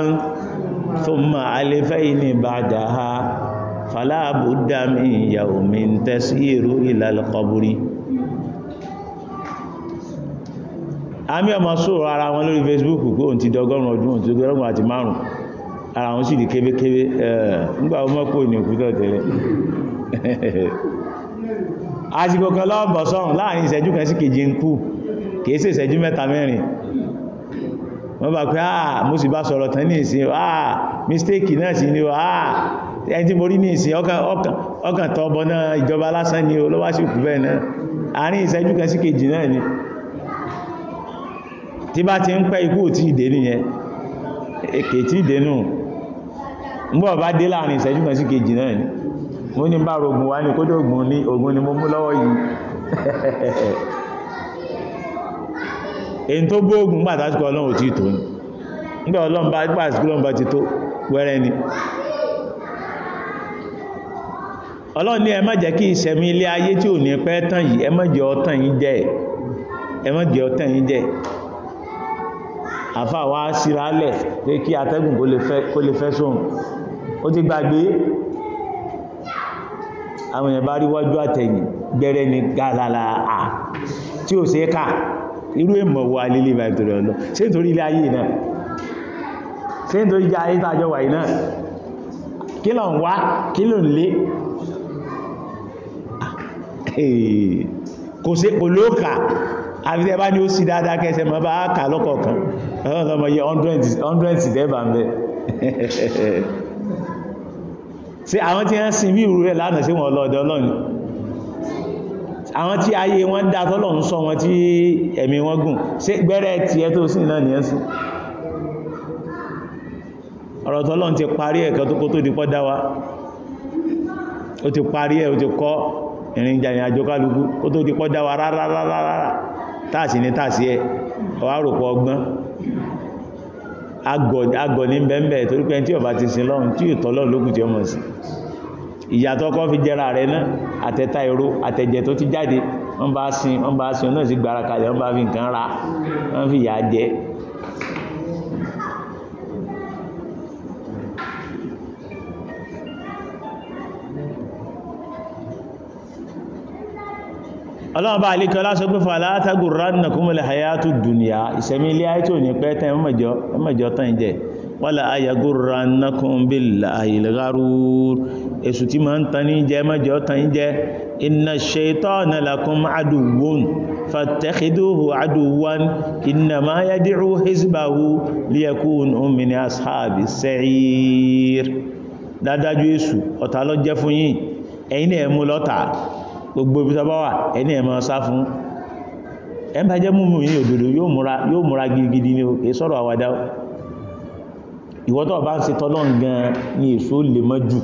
thumma alifaini ba'daha fala budda min yawmin tasiru ila al àmì ọmọ sóòrò ara wọn lórí Facebook kó òun ti di ún ọdún ti àti márùn ara wọn sì di kébékébé nígbà ọmọ kò ní òkú tọ̀tẹ̀lẹ̀ àsìkò kan lọ́bọ̀ láàrin ìṣẹ́jú kan sí kejì ń kú kìí sí ìṣẹ́jú mẹ́ta mẹ́rin wọ́n bá pé àà mo bá sọ̀rọ̀ tán ní ìsìn àà náà sí ni àà ẹni tí mo rí ní ìsìn ọkàn ni òkú bẹ́ẹ̀ náà àárín ni tí bá ti ń pẹ́ ikú tí ìdé èkè tí ìdé nù mbọ̀ bá dé láàrin ìṣẹ́jú kan sí kejì náà ni mo ní bá rogun wá ní kódé ogun ní ogun ni mo mú lọ́wọ́ yìí èyí tó gbóògùn gbà tásìkò ọlọ́run ò tí tó ní nígbà ọlọ́run bá gbà ọlọ́run bá ti tó wẹ́rẹ́ ni ọlọ́run ní ẹ má jẹ́ kí ìṣẹ̀mí ilé ayé tí ò ní pẹ́ tán àfà wá sírálẹ̀ pé kí atẹ́gùn kó lè fẹ́ sóhun ó ti gbàgbé àwọn èèyàn bá rí wájú àtẹ̀yìn gbẹ́rẹ́ ni gàlàlà à tí ò ṣeé kà irú èmọ̀ wo alílé ìbá ìtòrò ọ̀lọ́ ṣé nítorí ilé ayé bá ní ó sì dáadáa kẹsẹ̀ mọ́ bá kà lọ́kọ̀ọ̀kan ẹ̀rọ ọmọ yẹ 100 dẹ́bà ń bẹ sí àwọn tí wọ́n sin bí ìrú rẹ̀ lánàá sí wọn lọ́dọ̀ ọlọ́ni àwọn tí ayé wọn dá tọ́lọ̀ ń sọ wọn tí ẹ̀mí wọn gùn sí gbẹ́rẹ́ tí ẹ tó sìn náà nìyẹn sí ọ̀rọ̀ tọ́lọ̀ ti parí ẹ̀kọ́ tó kó tó dípọ́ dá wa ó ti parí ẹ̀ ó ti kọ́ ìrìn ìjànì àjò kálukú ó tó dípọ́ dá wa rárá rárá rárá táàsì ní táàsì ẹ̀ ọwárùpọ̀ ọgbọ́n agọ̀ ní bẹ́ẹ̀bẹ̀ torí pé tí ọba ti sin lọ́run tí ìtọ́ lọ́run lókùn tí ọmọ sí ìyàtọ̀ kan fi jẹra rẹ náà àtẹta ìró àtẹ̀jẹ̀ tó ti jáde wọ́n bá sin wọ́n bá sin náà sí gbára kalẹ̀ wọ́n bá fi nǹkan ra wọ́n fi ìyà jẹ ọlọ́ọ̀bá alékẹ́ ọlásọ pé fà látàgùn ránà kúmọ̀lẹ̀ hayatu dùnìyà ìṣẹ̀mí ilé ayétò ní pẹ́ tẹ́ mẹ́jọ tán jẹ́ wọ́lá ayagùn ránà kúmọ̀lẹ̀ ayélgáru èsù tí ma ń tan ní jẹ́ mẹ́jọ tán jẹ́ iná ṣeitọ́ na lakum aduwun fàtẹ́kìdóhù aduwan iná ma yá dìrú hezbahu liyakun omini ashabi gbogbo ibi tó bá wà ẹni ẹ̀ máa sá fún ẹ bá jẹ́ múmi ní òdòdó yóò múra yóò múra gidigidi ni o kìí sọ̀rọ̀ àwàdá o ìwọ tó bá ń ṣe tọ́lọ́ gan ni èso lè mọ́ jù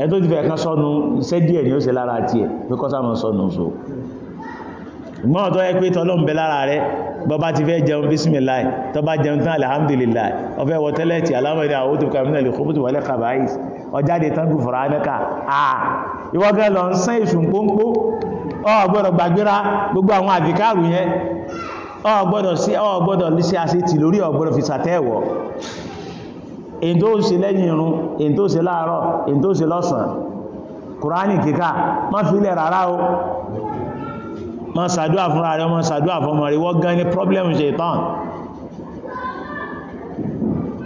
ẹ tó ti fẹ́ kan sọnù iṣẹ́ díẹ̀ ni ó ṣe lára tiẹ̀ pé kọ́sà mọ́ sọnù mọ́ tó yẹ pé tọ́lọ́m bẹ lára rẹ bọ́bá ti fẹ́ jẹun bísmìláì tó bá jẹun tán alhamdulillahi ọfẹ́ wọ tẹ́lẹ̀tì alámọ̀dé àwọn òtò kàmínà lè kóbùtù wọlé kàbáyìs ọjáde tánkù fọ̀ránẹ́kà àà ìwọ́gẹ́ lọ ń sán ìsùn pónpó ọgbọ́dọ̀ gbàgbéra gbogbo àwọn àdìkárù yẹn ọgbọ́dọ̀ sí ọgbọ́dọ̀ sí àṣetì lórí ọgbọ́dọ̀ fi sàtẹ́ẹ̀wọ̀ èyí tó ṣe lẹ́yìn irun èyí tó ṣe láàárọ̀ kùránì kíkà má fi lẹ̀ rárá o ma ṣàdúà fúnra rẹ̀ ma ṣàdúà fọmọ rẹ̀ wọ́n gan ní problem ṣètàn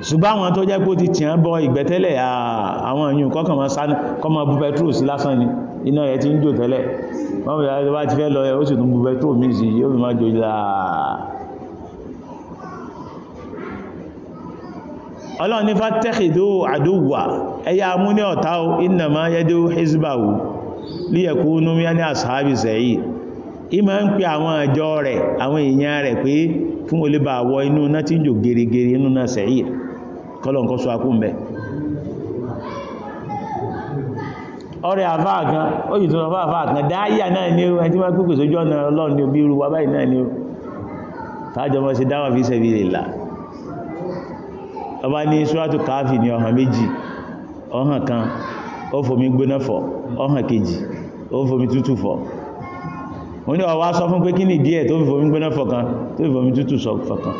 ṣùgbọ́n àwọn tó jẹ́ pé ó ti tìyàn bọ ìgbẹ́tẹ́lẹ̀ àwọn èèyàn kọ́kàn ma sáni kọ́ ma bu petrol sí lásán ni iná rẹ̀ ti ń jò tẹ́lẹ̀ wọ́n bí i bá ti fẹ́ lọ ẹ̀ ó sì tún bu petrol ní fàtẹ́kìdó ní ọ̀tá ìnàmá ìmọ̀ ń pè àwọn àjọ rẹ̀ àwọn èèyàn rẹ̀ pé fún olè bá wọ inú náà tí ń jò gẹ̀rẹ̀gẹ̀rẹ̀ inú náà sẹ̀yí kọlọ̀nkọ́ sọ akún bẹ̀ ọ̀rẹ́ àfáà kan O dáyà náà ni ó ẹni máa pípè sójú ọ̀nà ọlọ́run ni ó irú wa báyìí náà mọ́ sí dáwà fi lè là ọba ní káàfì ní ọ̀hàn méjì ọ̀hàn kan ó fomi gbóná fọ̀ ọ̀hàn wọ́n ní ọwá sọ fún pé kí ní díẹ̀ tó fi fomi gbóná fọ̀kan tó fi fomi tútù fọ̀kan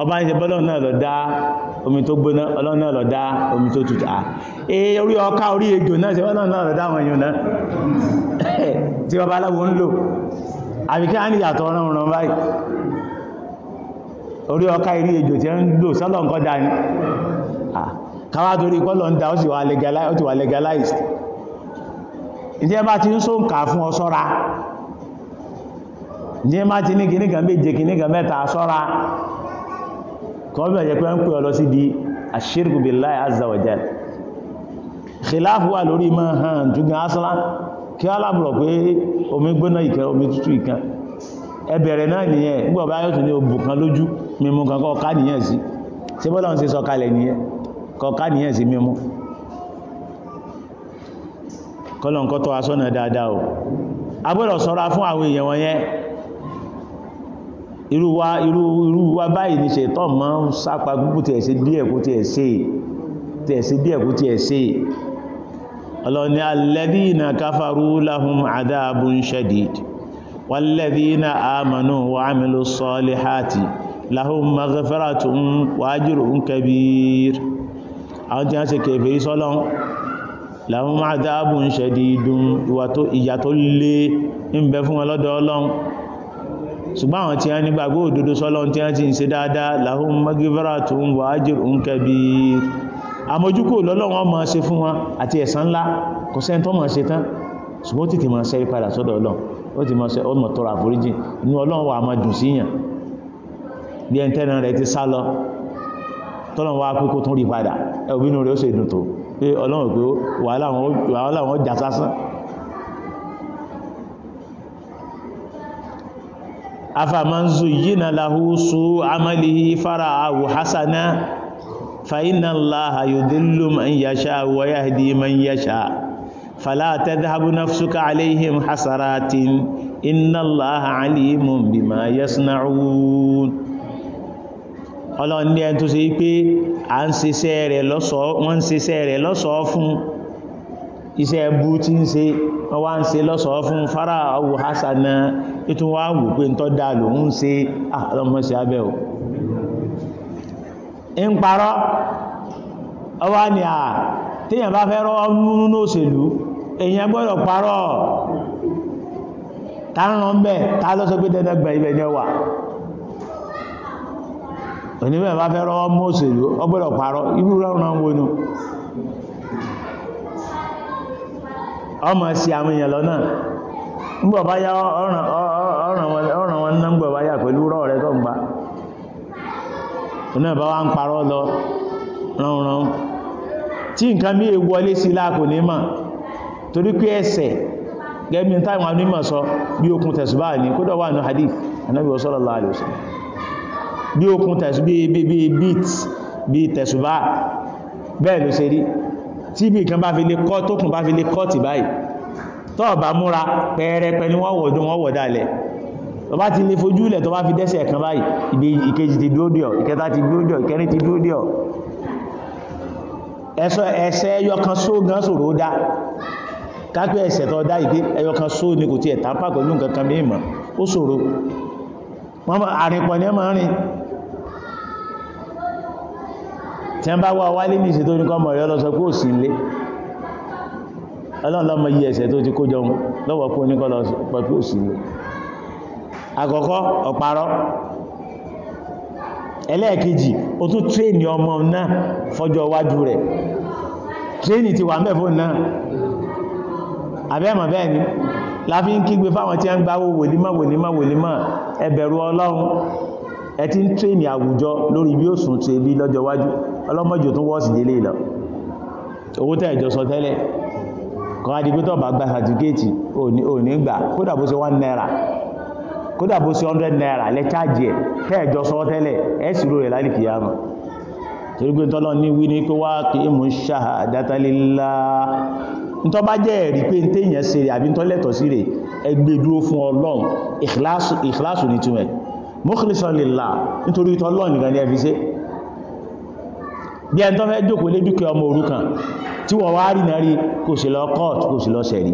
ọba ń ṣe bọ́lọ̀ náà lọ dá omi tó gbóná ọlọ́run náà lọ dá omi tó tútù à ee eh, orí ọká orí ejò náà ṣe bọ́lọ̀ náà lọ dá àwọn èèyàn náà tí ọba aláwo ń lò àbí kí á ní ìyàtọ̀ ọ̀rán ọ̀rán báyìí orí ọká irí ejò tí ń lò sọ́lọ̀ nǹkan dá ni káwá torí pọ́lọ̀ ń dá ó sì wà legalized ìjẹ́ bá ti ń sóǹkà fún ọ sọ́ra ní má ti ní kìníkan méje kìníkan mẹ́ta sọ́ra kọ́bẹ̀ jẹ́ pé ń pè ọlọ di ashirku billahi azza wa jal khilafu wà lórí mọ́ hàn jùgbọ́n asọ́lá kí wá lábùrọ̀ pé omi gbóná ìkan omi tútù ìkan ẹbẹ̀rẹ̀ náà nìyẹn nígbà bá yóò tún ní obù kan lójú mímú kan kọ́ ká nìyẹn sí ṣé bọ́lá ń ṣe sọ kalẹ̀ nìyẹn kọ́ ká nìyẹn sí mímú kọ́lọ̀ ń kọ́ tọ́ asọ́nà dáadáa o agbọ́dọ̀ sọ́ra fún àwọn èèyàn wọ̀nyẹn irú wa irú irú wa báyìí ni ṣètọ́n máa ń sápa gbogbo tí ẹ̀ ṣe díẹ̀ kó tí ẹ̀ ṣe tí ẹ̀ ṣe díẹ̀ kó tí ẹ̀ ṣe ọlọ́ni alladhina kafaru lahum adhabun shadid walladhina amanu wa amilu salihati lahum maghfiratun wa ajrun kabir ṣùgbọ́n àwọn tí wọ́n nígbàgbọ́ òdodo sọ́lọ́n tí wọ́n ti ń ṣe dáadáa lahum maghfiratun wa ajrun kabir àmójúkò lọ́lọ́wọ́n máa ṣe fún wọn àti ẹ̀san ńlá kò sẹ́ni tó máa ṣe tán ṣùgbọ́n tètè máa ṣẹ́rí padà sọ́dọ̀ ọlọ́run ó ti máa ṣe ọmọ tọrọ àforíjì inú rí padà ẹ̀wọ̀n inú afamanzu yína lahúsù amalihi fara àwò hasana fa'ina láha yudillu man yasha wa yahdi man yasha fala tadhhabu nafsuka alaihim hasaratin inna láha alimun bima yasna'un ọlọ́ni ẹni tó ṣe pé a ń ṣiṣẹ́ rẹ̀ lọ́ṣọ̀ọ́ fún iṣẹ́ ẹbú tí ń ṣe wọ́n wá ń ṣe lọ́sọ̀ọ́ fún fara awù hasana ètò wá wù pé ń tọ́ dá lòun ń ṣe àlọ́mọ́sí abẹ́ ò ń parọ́ ọwá ni à tíyàn bá fẹ́ rọ́wọ́ múnú òṣèlú èyàn gbọ́dọ̀ parọ́ ta ń bá fẹ́ rọ́wọ́ mú òṣèlú ọgbọ́dọ̀ parọ́ irú rọrùn wọnú ọmọ ma àwọn èèyàn lọ́nà ngbọ̀báyá ọ̀ràn wọn ná ngbọ̀báyá pẹ̀lú rọ́ rẹ tó ń gbá náà bá wá ń parọ́ lọ ránran tí nǹkan bí sí láàkò ní mà torí pé táwọn onímọ̀ sọ bí okun ní kódọ̀ wà ní hadith bí okun bí bẹ́ẹ̀ ló tí ibi kan bá fi lè kọ́ tó kùn bá fi lè kọ́ tì báyìí tó bá múra pẹ́ẹ̀rẹpẹ ni wọ́n wọ̀dún wọ́n wọ̀dá lẹ̀ tó bá ti lè fojú ilẹ̀ tó bá fi dẹ́sẹ̀ kan báyìí ibi ìkejì ti dúró dìọ̀ ìkẹta ti dúró dìọ̀ ìkẹrin ti dúró só gan sòrò ó dá kápẹ́ ẹ̀sẹ̀ tó dá ìpé ẹyọkan só ni kò tiẹ̀ tápà pẹ̀lú nǹkan kan mímọ̀ ó sòrò wọ́n àrìnpọ̀ ní tí wọ́n bá wá wálé ní ìṣètò ní kọmọ̀ rẹ̀ ọlọ́sọ pé ò sí ilé ọlọ́run lọ́mọ yí ẹ̀ṣẹ̀ tó ti kó jọun lọ́wọ́ pé oníkọ́ lọ pọ̀ pé ò sí ilé àkọ́kọ́ ọ̀parọ́ ẹlẹ́ẹ̀kejì o tún tréènì ọmọ náà fọjọ́ iwájú rẹ̀ tréènì ti wà ń bẹ̀ fún náà àbẹ́mọ̀ bẹ́ẹ̀ ni láfi ń kígbe fáwọn tí a ń gbáwó wòlímọ̀ wòlímọ̀ wòlímọ̀ ẹ bẹ̀rù ọlọ́run ẹ ti ń tréènì àwùjọ lórí bí ó sùn ti ebi lọ́jọ́ iwájú ọlọ́mọ́jò tó wọ́ọ̀sì délé lọ owó tẹ́ ìjọ sọ tẹ́lẹ̀ kan á di pé tọ́ọ̀bà gba sàtìkéètì òní gbà kódà bó ṣe wọ́n náírà kódà bó ṣe 100 náírà lẹ́ chájì ẹ̀ tẹ́ ìjọ sọ tẹ́lẹ̀ ẹ̀ sì rò rẹ̀ láì kìyàmù torí pé tọ́lọ́ ní wí ní pé wá kí mú ṣáà dátálélá ntọ́ bá jẹ́ ẹ̀rí pé téèyàn ṣe rẹ̀ àbí ntọ́lẹ̀tọ̀ sí rẹ̀ ẹgbẹ́ dúró fún ọlọ́run ìkìláṣù nítumẹ̀ mukhlisan lillah nítorí tọ́lọ́run nìkan ní ẹ bí ẹni tó fẹ́ jòkó lé dúkẹ́ ọmọ òrukàn tí wọ́n wá rí náà rí kò sí lọ court kò sí lọ sẹ̀rí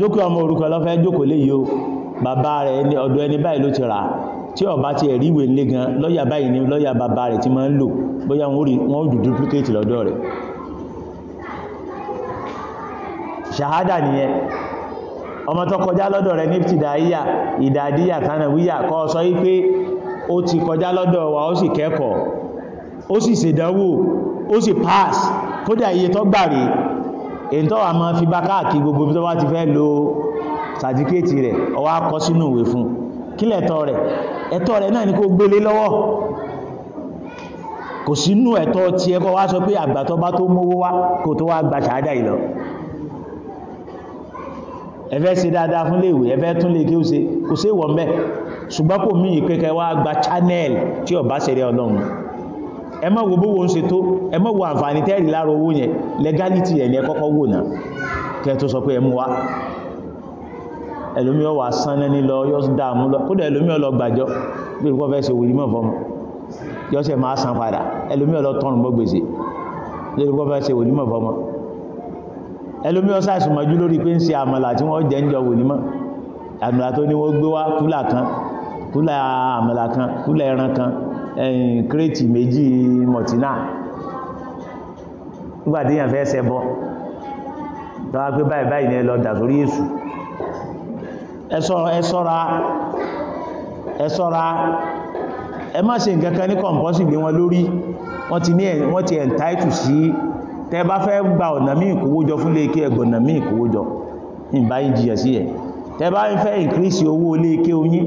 dúkẹ́ ah, ọmọ òrukàn lọ fẹ́ jòkó lé yìí bàbá rẹ̀ ní ọ̀dọ̀ ẹni báyìí ló ti rà tí ọba ti ẹ̀rí ìwé gan lọ́yà báyìí ni lọ́yà bàbá rẹ̀ ti máa ń lò bóyá wọ́n ó dù duplicate lọ́dọ̀ rẹ̀ ṣàhádà nìyẹn ọmọ tó kọjá lọ́dọ̀ rẹ̀ ní ìdàdíyà ìdàdíyà kanáwíyà kọ́ sọ wípé ó ti kọjá lọ́dọ̀ wa ó sì kẹ́kọ̀ọ́ ó sì ṣèdánwò ó sì pass kódà iye tó gbàrí èyí tó wà máa fi bá káàkiri gbogbo tó wá ti fẹ́ lo sàdíkéètì rẹ̀ ọwá kọ sínú ìwé fún kí lẹ̀tọ́ rẹ̀ ẹ̀tọ́ rẹ̀ náà ni kó gbélé lọ́wọ́ kò sínú ẹ̀tọ́ ti ẹkọ́ wá sọ pé àgbà bá tó mówó wá kò tó wá gba ṣàádà ìlọ ẹfẹ́ ṣe dáadáa fún léèwé ẹfẹ́ tún lè kí ó ṣe kò sí ìwọ̀n bẹ́ẹ̀ ṣùgbọ́n kò mí ìpẹ́kẹ́ wá gba channel tí ó bá ṣẹ̀rẹ̀ ọlọ́run ẹ má wo bówó ń ṣe tó ẹ má wo àǹfààní tẹ́rì lára owó yẹn legality ẹ̀ ní ẹ kọ́kọ́ wò náà kẹ́ tó sọ pé ẹ mú wá ẹlòmí ọwà sánẹ́ ní lọ yọ́ dáàmú lọ kódà ẹlòmí ọlọ gbàjọ́ bí i kọ́ fẹ́ ṣe wòlí mọ̀ fọ́mọ yọ́ sẹ máa san padà ẹlòmí ọlọ tọrùn bọ́ gbèsè bí i kọ́ fẹ́ ṣe wòlí mọ̀ fọ́mọ ẹlòmí ọsà lórí pé ń ṣe àmàlà tí wọ́n jẹ́ ń jọ wòlí mọ̀ àmàlà tó ní wọ́n gbé wá kúlà kan kúlà àmàlà kan kúlà ẹran kan ẹ̀yìn kírètì méjì mọ̀tínà nígbàtí èèyàn fẹ́ ṣẹbọ tọ́wá pé báyìí báyìí ni ẹ lọ dà sórí èṣù ẹ ṣọ́ra ẹ ṣọ́ra ẹ má ṣe nǹkan kan ní kọ̀m̀pọ́sì lé wọn lórí wọ́n ti ní wọ́n ti ẹ̀ntáìtù sí tẹ bá fẹ́ gba ọ̀nà míì kówójọ fún léèké ẹgbọ̀nà míì kówójọ ìbáyìí jìyà sí ẹ̀ tẹ bá fẹ́ increase owó léèké oyin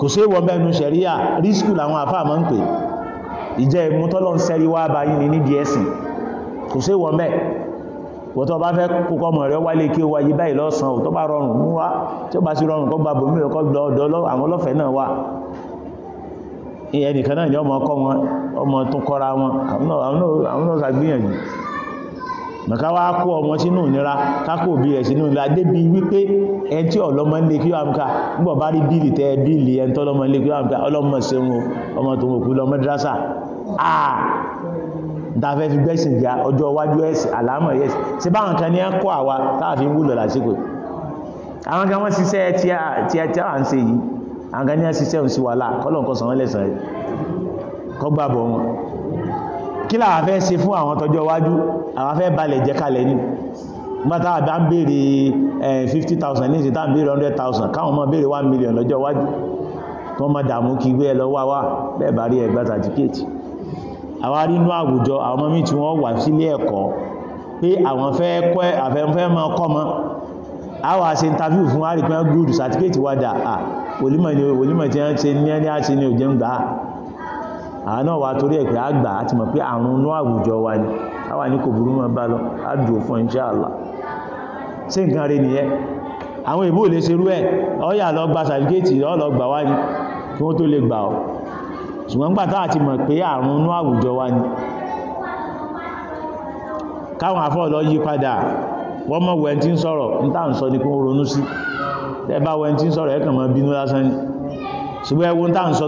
kò sí ìwọ̀ bẹ́nu ṣẹ̀ríà ríṣkù làwọn àfáà máa ń pè ìjẹ́ ìmú tọ́lọ́ ń sẹ́rí wá bá yìí ní díẹ̀sì kò sí ìwọ̀ mẹ́ wọ́n tó bá fẹ́ kókọ́ ọmọ rẹ̀ wálé kí o wá yí báyìí lọ́sàn-án tó bá rọrùn mú wá tí ó bá sí rọrùn kọ́ gba bòmí ọkọ́ gbọ́ ọ̀dọ́ àwọn ọlọ́fẹ́ náà wà ẹnìkan náà ni ọmọ ọkọ wọn ọmọ tó kọ́ra wọn àwọn náà ṣàgbìyànjú mọ̀ká wá kó ọmọ sínú ìnira kákò bí rẹ̀ sínú ìlà débi wípé ẹn tí ọlọ́mọ ń lè kí wà mùká nígbà bá rí bíìlì tẹ́ bíìlì ẹn tó lọ́mọ ń lè kí wà mùká ọlọ́mọ ṣeun ọmọ tó mọ̀kú lọ mọ́dírásà àà dáfẹ́ fi gbẹ́sìn já ọjọ́ iwájú ẹ̀sìn àlámọ̀ ẹ̀sìn ṣe báwọn kan ní ẹ́ kọ́ àwa táàfin wúlò lásìkò àwọn kan wọ́n ṣiṣẹ́ tí ẹ tí à ń ṣe yìí àwọn kan ní ẹ́ ṣiṣẹ́ òun sí wàhálà kọ́lọ̀ nǹkan sàn wọ́n lẹ̀sàn rẹ̀ kọ́gbàbọ̀ wọn kí láà fẹ́ ṣe fún àwọn tọjọ́ iwájú àwọn fẹ́ balẹ̀ jẹ́ kalẹ̀ ní mọ́ta àbá ń béèrè 50,000 ní ìsìta ń béèrè 100,000 káwọn mọ́ béèrè 1 million lọ́jọ́ iwájú tó mọ́ dàmú kí gbé ẹlọ wá wá bẹ́ẹ̀ bá rí ẹgbẹ́ sàtíkèètì àwọn arínú àwùjọ àwọn mí tí wọ́n wà sílé ẹ̀kọ́ pé àwọn fẹ́ kọ́ àfẹ́fẹ́ mọ́ kọ́ mọ́ àwọn àṣẹ interview fún àrípẹ́ gúdù sàtíkèètì wádà à olímọ̀ tí wọ́n ṣe ní ẹni àṣẹ ní òjẹ́ ń gbà àwọn náà wà torí ẹ̀ àgbà àti mọ̀ pé àrùn inú àwùjọ wa ni a ní kò buru mọ́ bá lọ á dùn fún insha Allah ṣé nǹkan rẹ nìyẹn àwọn ìbò lè ṣerú ẹ̀ ọ̀yà lọ gba sàfíkẹ́ẹ̀tì ọ̀ lọ gbà wá ni kí wọ́n tó gbà ọ́ ṣùgbọ́n gbà táà ti mọ̀ pé àrùn inú àwùjọ wa ni káwọn afọ́ lọ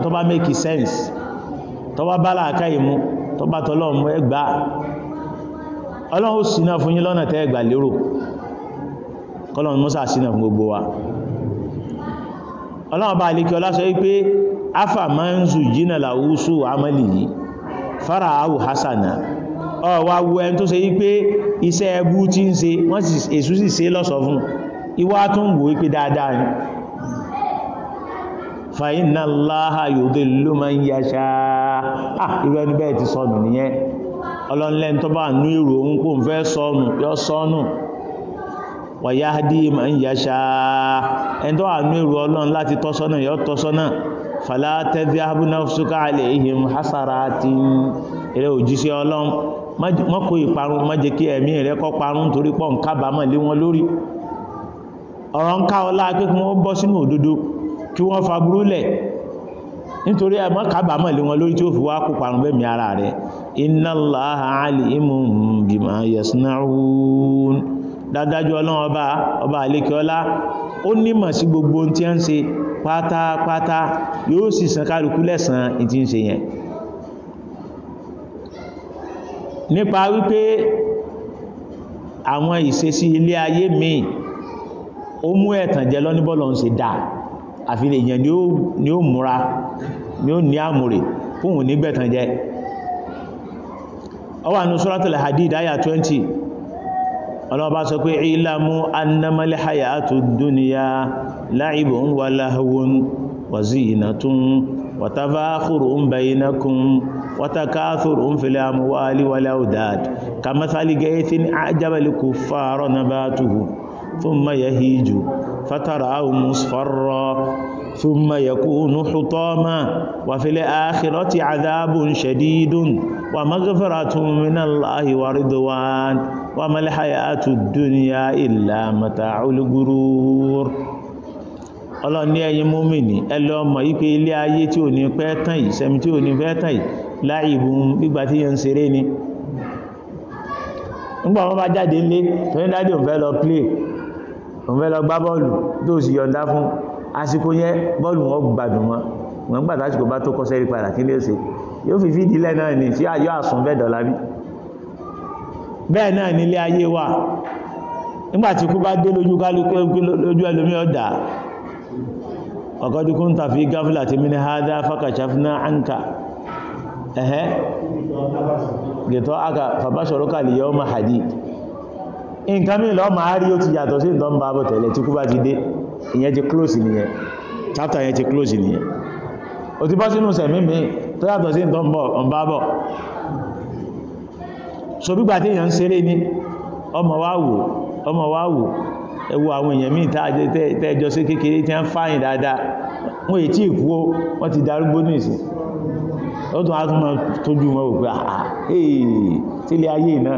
tó bá tọba bá aka imu tọba tọlọ́mù ẹgbà ọlọ́run sínà fún yín lọ́nà tẹ́ẹ̀gbà lérò kọlọ̀n mọ́sà sínà fún gbogbo wa ọlọ́run bá alékẹ́ ọlásọ wípé afa ma ń zù jìnà làwúsù amali yìí fara awu hasana ọwà wo ẹni tó ṣe wípé iṣẹ́ ẹbú tí ń ṣe wọ́n sì èsù sì ṣe lọ́sọ̀ fún ìwà tó ń wò wípé dáadáa fàínà láhà yòdè ló máa ń ya ṣáá irú ẹni bẹ́ẹ̀ ti sọnù nìyẹn ọlọ́nlẹ́ni tó bá nú èrò ń kó ń fẹ́ sọnù yọ sọnù wàyá dí máa ya ṣáá ẹni tó wà nú èrò ọlọ́run láti yọ tọ́sọ́nà fàlá tẹ́bí abúnáfúsúká alẹ́ ihim hasara ti eré òjíṣẹ́ ọlọ́run má kó ìparun má jẹ́ kí ẹ̀mí rẹ̀ kó parun torí lé wọn lórí kí wọ́n fa burúlẹ̀ nítorí ẹmọ́ kábàámọ̀ lé wọn lórí tí ó fi wá kó parun bẹ́mi ara rẹ̀ innallaha alimun bima yasnaun dádájú ọlọ́run ọba ọba àlékẹ́ọ́lá ó nímọ̀ sí gbogbo ohun tí ń ṣe pátápátá yóò sì san kálukú lẹ́san ìtí ń ṣe yẹn nípa wípé àwọn ìṣesí ilé ayé míì ó mú ẹ̀tàn jẹ lọ́níbọ́lọ́ ń se dáa àfi lè yàn ni ó múra ni ó ní àmúrè fóhun nígbẹ̀tàn jẹ́ ọwà ní suratul hadid ayà 20 ọlọ́ọ̀bá sọ pé ilamu annamal hayatud dunya la'ibun wa lahwun wa zinatun wa tafakhurun baynakum thumma yahiju fatara'ahu musfarra thumma يَكُونُ حُطَامًا وَفِي الْآخِرَةِ عَذَابٌ شَدِيدٌ shadidun مِنَ اللَّهِ وَرِضْوَانٌ wa ridwan wa mal hayatud dunya illa mata'ul ghurur ọlọ́ni ẹ̀yin múmìnì ẹlọ ọmọ ipé ilé ayé tí ò ní pẹ́ tán yìí sẹ́mi tí ò ní pẹ́ tán yìí láìbùn gbígbà tí yẹn ń ṣeré ni nígbà wọn bá jáde nílé tó ní dáadé òun fẹ́ lọ play òun fẹ́ lọ gbá bọ́ọ̀lù tó sì fún àsìkò yẹn bọ́ọ̀lù wọn gbádùn wọn wọn gbà tásìkò bá tó kọsẹ́ rí padà kí yóò fi fídí ilẹ̀ náà ní sí àyọ́ àsùn bẹ́ẹ̀ dọ̀la bí bẹ́ẹ̀ náà nílé ayé wà nígbà kú bá dé lójú kálukú lójú ẹlòmí ọ̀dà ọ̀kọ́dúkú ń gáfílà ti mini hádá fákàṣáfíná ánkà ẹ̀hẹ́ gẹ̀tọ́ nǹkan mí lọ máa rí ó ti yàtọ̀ sí ìtọ́ ń bá bọ̀ tẹ̀lẹ̀ tí kú bá ti dé ìyẹn ti close nìyẹn chapter yẹn ti close nìyẹn o ti bọ́ sínú sẹ̀mí mi tó yàtọ̀ sí ìtọ́ ń bá bọ̀ so gbígbà tí èèyàn ń ṣeré ní ọmọ wa wò ọmọ wa wò ẹwọ àwọn èèyàn míì tẹ́ẹjọ sí kékeré tí wọ́n fáyìn dáadáa wọ́n èyí tí ìkú wọ́n ti darúgbó ní ìsìn ó tún á tún máa tójú wọn ò pé àà èèyàn tí ayé náà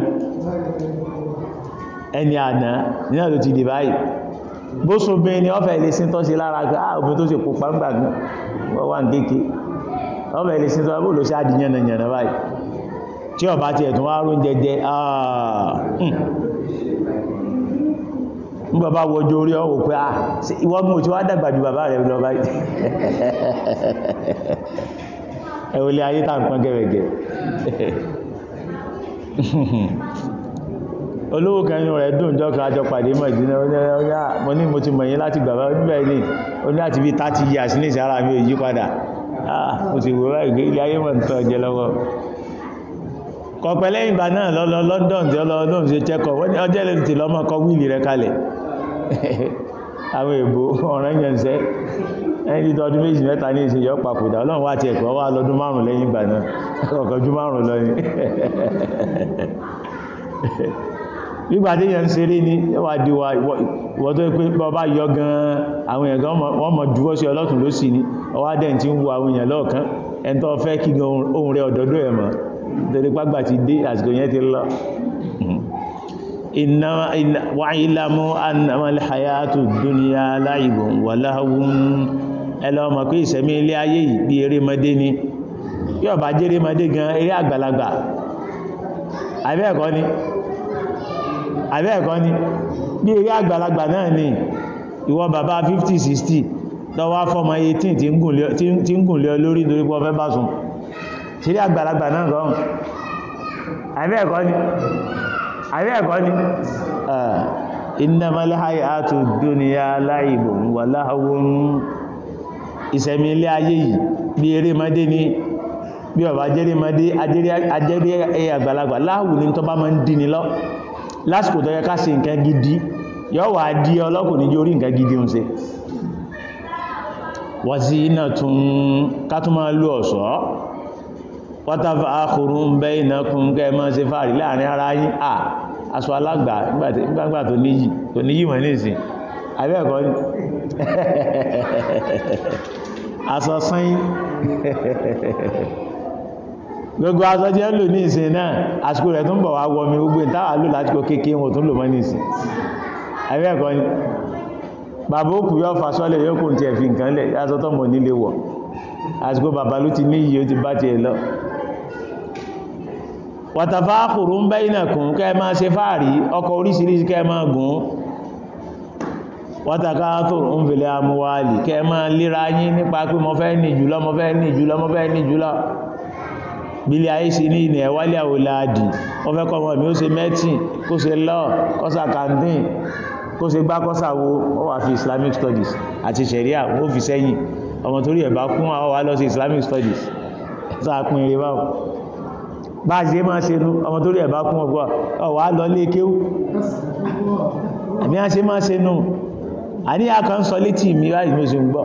ẹni àná ní àdó ti dì báyìí bó sóbin ni ọfẹ́ ilé síntọ́ sí lára pé ah tó ṣe kó pàǹgbà wọ́n wà ń kéèké ọfẹ́ ilé síntọ́ ah, bó ló ṣe àdì yànnà báyìí tí ọba ah, hmm. ah, ti ẹ̀tún wá rún jẹjẹ ń bàbá wọjọ orí ọwọ̀ pé à ìwọ́gbùn tí wá dàgbà ju bàbá rẹ̀ lọ báyìí ẹ̀wọ̀lẹ̀ ayé olówó kan inú rẹ̀ dùn jọ́ kan a jọ pàdé Mọ̀dínà mo ní mo ti mọ̀ yín láti gbàgbà níbẹ̀ ni ó ní láti bí 30 years ní ìsára mi ò yí padà mo sì wò báyìí ilé ayé mọ̀ nǹkan jẹ lọ́wọ́ kọ̀pẹ́ lẹ́yìn ìgbà náà lọ́lọ́ London tí ọlọ́ London ṣe check-up ọjọ́ ilé ti lọ́mọ kọ wíìlì rẹ̀ kalẹ̀ àwọn èbò ọ̀ràn yẹnsẹ́ ẹni ọdún méjì mẹ́ta ní ìsìn yọ́ papòdà ọlọ́run wá ti ẹ̀kọ́ wá lọ́dún márùn lẹ́yìn ìgbà náà ọ̀kan márùn lọ ni nígbàtí èyàn ń ṣeré ní ẹwà díwà ìwọ̀ tó pé bọ́bá yọ gan àwọn èèyàn gan wọ́n mọ̀ jùwọ́ sí ọlọ́tún ló sì ní ọwá dẹ̀ tí ń wo àwọn èèyàn lọ́ọ̀kan ẹn tó fẹ́ kí ohun rẹ ọ̀dọ́dọ́ ẹ̀ mọ̀ torí pàgbà ti dé àsìkò yẹn ti lọ wà ni àbẹ́ ẹ̀kọ́ ni bí eré àgbàlagbà náà ni ìwọ bàbá 50 60 lọ́wọ́ fọ́mọ 18 tí ń gùn lé lórí nítorí pọ́ fẹ́ bá sùn ṣeré àgbàlagbà náà gọ́n àbẹ́ ẹ̀kọ́ ni àbẹ́ ẹ̀kọ́ ni innamal hayatu dunya la'ibun wa lahwun ìṣẹ̀mí ilé ayé yìí bí eré mọ́dé ọ̀bá jẹ́rẹ́ mọ́dé àgbàlagbà láhùn ní tọ́ bá ń dí lásìkò tó yẹ ká ṣe nǹkan gidi yọ́ wà dí ọlọ́kùn ní orí nǹkan gidi ń ṣe wà sí iná tún kátúmá lú ọ̀ṣọ́ wátàfà ákùrù ń bẹ́ iná kún kẹ́ mọ́ ṣe fàárí láàrin ara yín à aṣọ alágbà nígbàgbà tó níyì wọ́n nísìn abẹ́ẹ̀kọ́ gbogbo aṣọ jẹ́ lò ní ìsìn náà àsìkò rẹ̀ tó ń bọ̀ wá wọ mi gbogbo ìtawà lò lásìkò kékeré wọn tó ń lò mọ́ ní ìsìn ẹ̀rẹ́ ẹ̀kọ́ ni bàbá òkú yóò fà sọ́lẹ̀ yóò kò tí ẹ̀ fi nǹkan lẹ̀ aṣọ tó mọ̀ nílé wọ̀ àsìkò bàbá ló ti níyì ó ti bá ti ẹ̀ lọ wàtàfà kòrò ń bẹ́yìn nàkùn kẹ́ máa ṣe fáàrí ọkọ̀ oríṣiríṣi kẹ́ máa gùn wátàkà tó ń fèlè amúwálì kẹ́ máa léra yín nípa pé mo fẹ́ ní jùlọ mo fẹ́ ní jùlọ mo fẹ́ ní jùlọ bílé ayé ṣe ní ilẹ̀ wálé àwòláàdì wọ́n fẹ́ kọ́ ọmọ mi ó ṣe mẹ́tìn kó ṣe law kọ́sà kàndín kó ṣe gbá kọ́sà wo ó fi islamic studies àti sharia ó fi sẹ́yìn ọmọ torí ẹ̀ bá kún àwọn wá lọ sí islamic studies sáàkùn èrè báwọn bá ṣe máa ṣe nú ọmọ torí ẹ̀ bá kún ọgbọ́ ọwà lọ lé kéwú àmì àṣe máa ṣe nú àníyàn kan sọ létí mi láì mí oṣù ń gbọ́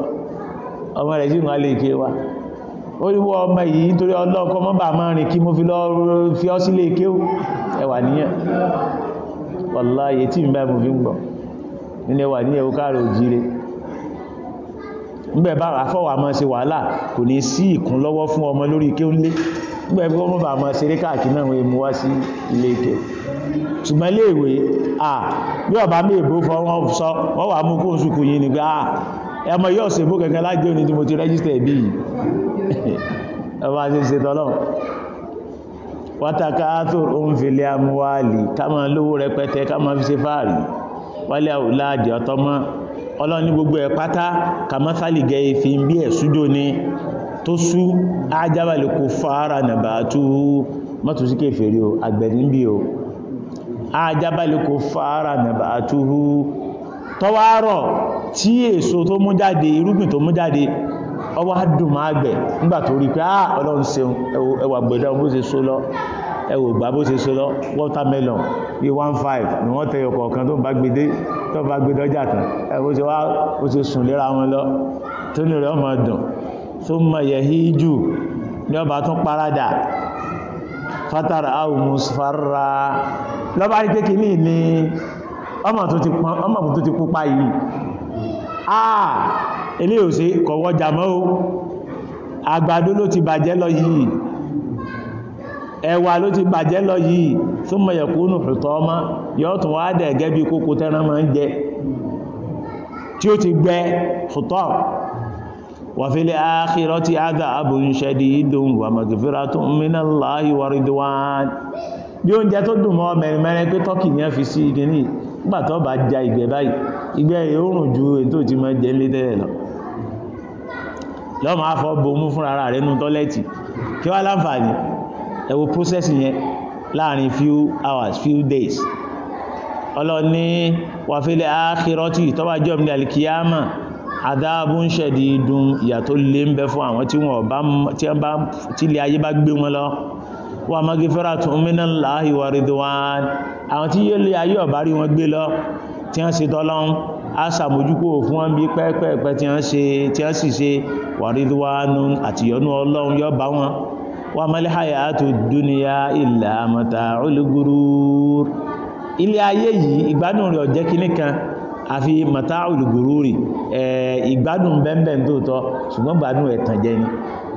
ọmọ rẹ̀ sí ìwọ̀n lè ké wa oríwọ́ ọmọ yìí nítorí ọlọ́ọ̀kọ́ mọ́bà máa rìn kí mo fi lọ fi ọ́ sílé kéwú ẹwà níyàn wọ́lá yìí tí mi bá mo fi ń gbọ̀ nílé wà ní ẹ̀wọ́ káàrò òjíire nígbẹ̀ bá àfọ́wà máa ṣe wàhálà kò ní sí ìkún lọ́wọ́ fún ọmọ lórí kéwú lé nígbẹ̀ bí wọ́n bá máa ṣeré káàkiri náà wọ́n mú wá sí ilé kéwú ṣùgbọ́n léèwé à bí ọba mi èbó fọ́ wọ́n wà mú kó sùkú yìí nígbà ẹmọ yóò sì bó kẹ̀kẹ́ láti òní tí mo ti rẹ́jísítẹ̀ bí i ọba ti ṣe tọ́lọ̀ wátàkà tó ń fi lé amúwáàlì káàmà lówó rẹpẹtẹ káàmà fi ṣe fáàrí wálé àwòláàdì ọtọmọ ọlọ́ni gbogbo ẹ̀ pátá kàmásálì gẹ ìfi bí ẹ̀ sújó ni tó sú ájábàlì kò fara nàbàtú mọ́tò sí kéfèrè o àgbẹ̀ níbi o ájábàlì kò fara nàbàtú tọ́wárọ̀ tí èso tó mú jáde irúgbìn tó mú jáde ọwọ́ adùn máa gbẹ̀ nígbà rí pé ah ọlọ́run ṣeun ẹwà gbẹ̀dọ̀ bó ṣe so lọ ẹwà ògbà bó ṣe so lọ watermelon bíi one five ni wọ́n tẹyọ kọ̀ọ̀kan tó bá gbede tó bá gbede ọjà tán ẹwọ́ ṣe wá ó ṣe sùn léra wọn lọ tó ní rẹ̀ ọmọ dùn tó mọ yẹ híjù ní ọba tún paradà fatara ahumusfara lọ́ba rí pé kìíní ọmọ tó ti pupa yìí àà ilé òsè kọ̀wọ́ jàmọ́ o àgbàdo ló ti bàjẹ́ lọ yìí ẹ̀wà ló ti bàjẹ́ lọ yìí súnmọ̀ yẹ̀kúnù fìtọ́ ọmọ yóò tún wá dẹ̀ gẹ́ bí kókó tẹ́ran máa ń jẹ tí ó ti gbẹ fìtọ́ wàfílẹ̀ ákìrọ́ ti ága abúnṣẹ́ ìdùn wà tó ń mìnà láàyè wàrídíwáán bí oúnjẹ tó dùn mọ́ mẹ́rin mẹ́rin pé tọ́kì ní ẹ fi sí ìgínní nígbà tó bá ja ìgbẹ́ báyìí ìgbẹ́ òórùn ju ètò tí mọ́ jẹ́ létẹ́rẹ̀ lọ lọ́mọ afọ́ bomú fúnra rẹ̀ nú tọ́lẹ́tì kí wá láǹfààní ẹ wo process yẹn láàrin few hours few days ọlọ́ni wàfílẹ̀ ákírọ́tì tọ́bájọ́ ní alkiyama adábún ṣẹ̀dì ìdùn ìyà tó lé ń bẹ fún àwọn tí wọ́n bá tí ilé ayé bá gbé wọn lọ wà magifẹ́ra tún mínà láàáyí wà rí dùwán àwọn tí yóò lè ayé ọ̀bá rí wọn gbé lọ tí wọ́n ṣe tọ́lọ́n a sàmójúkò fún wọn bí pẹ́pẹ́pẹ́ tí wọ́n ṣe tí wọ́n sì ṣe wà rí dùwánú àti yọ́nú ọlọ́run yọ́ bá wọn wà mọ́lẹ́ hayatu dúnìyà ilẹ̀ àmọ́ta olùgúrú ilé ayé yìí ìgbádùn rẹ̀ ọ̀jẹ́ kìíní kan àfi mọ̀tá olùgúrú rí ìgbádùn bẹ́ẹ̀ tó tọ́ ṣùgbọ́n gbádùn ẹ̀tàn jẹ ni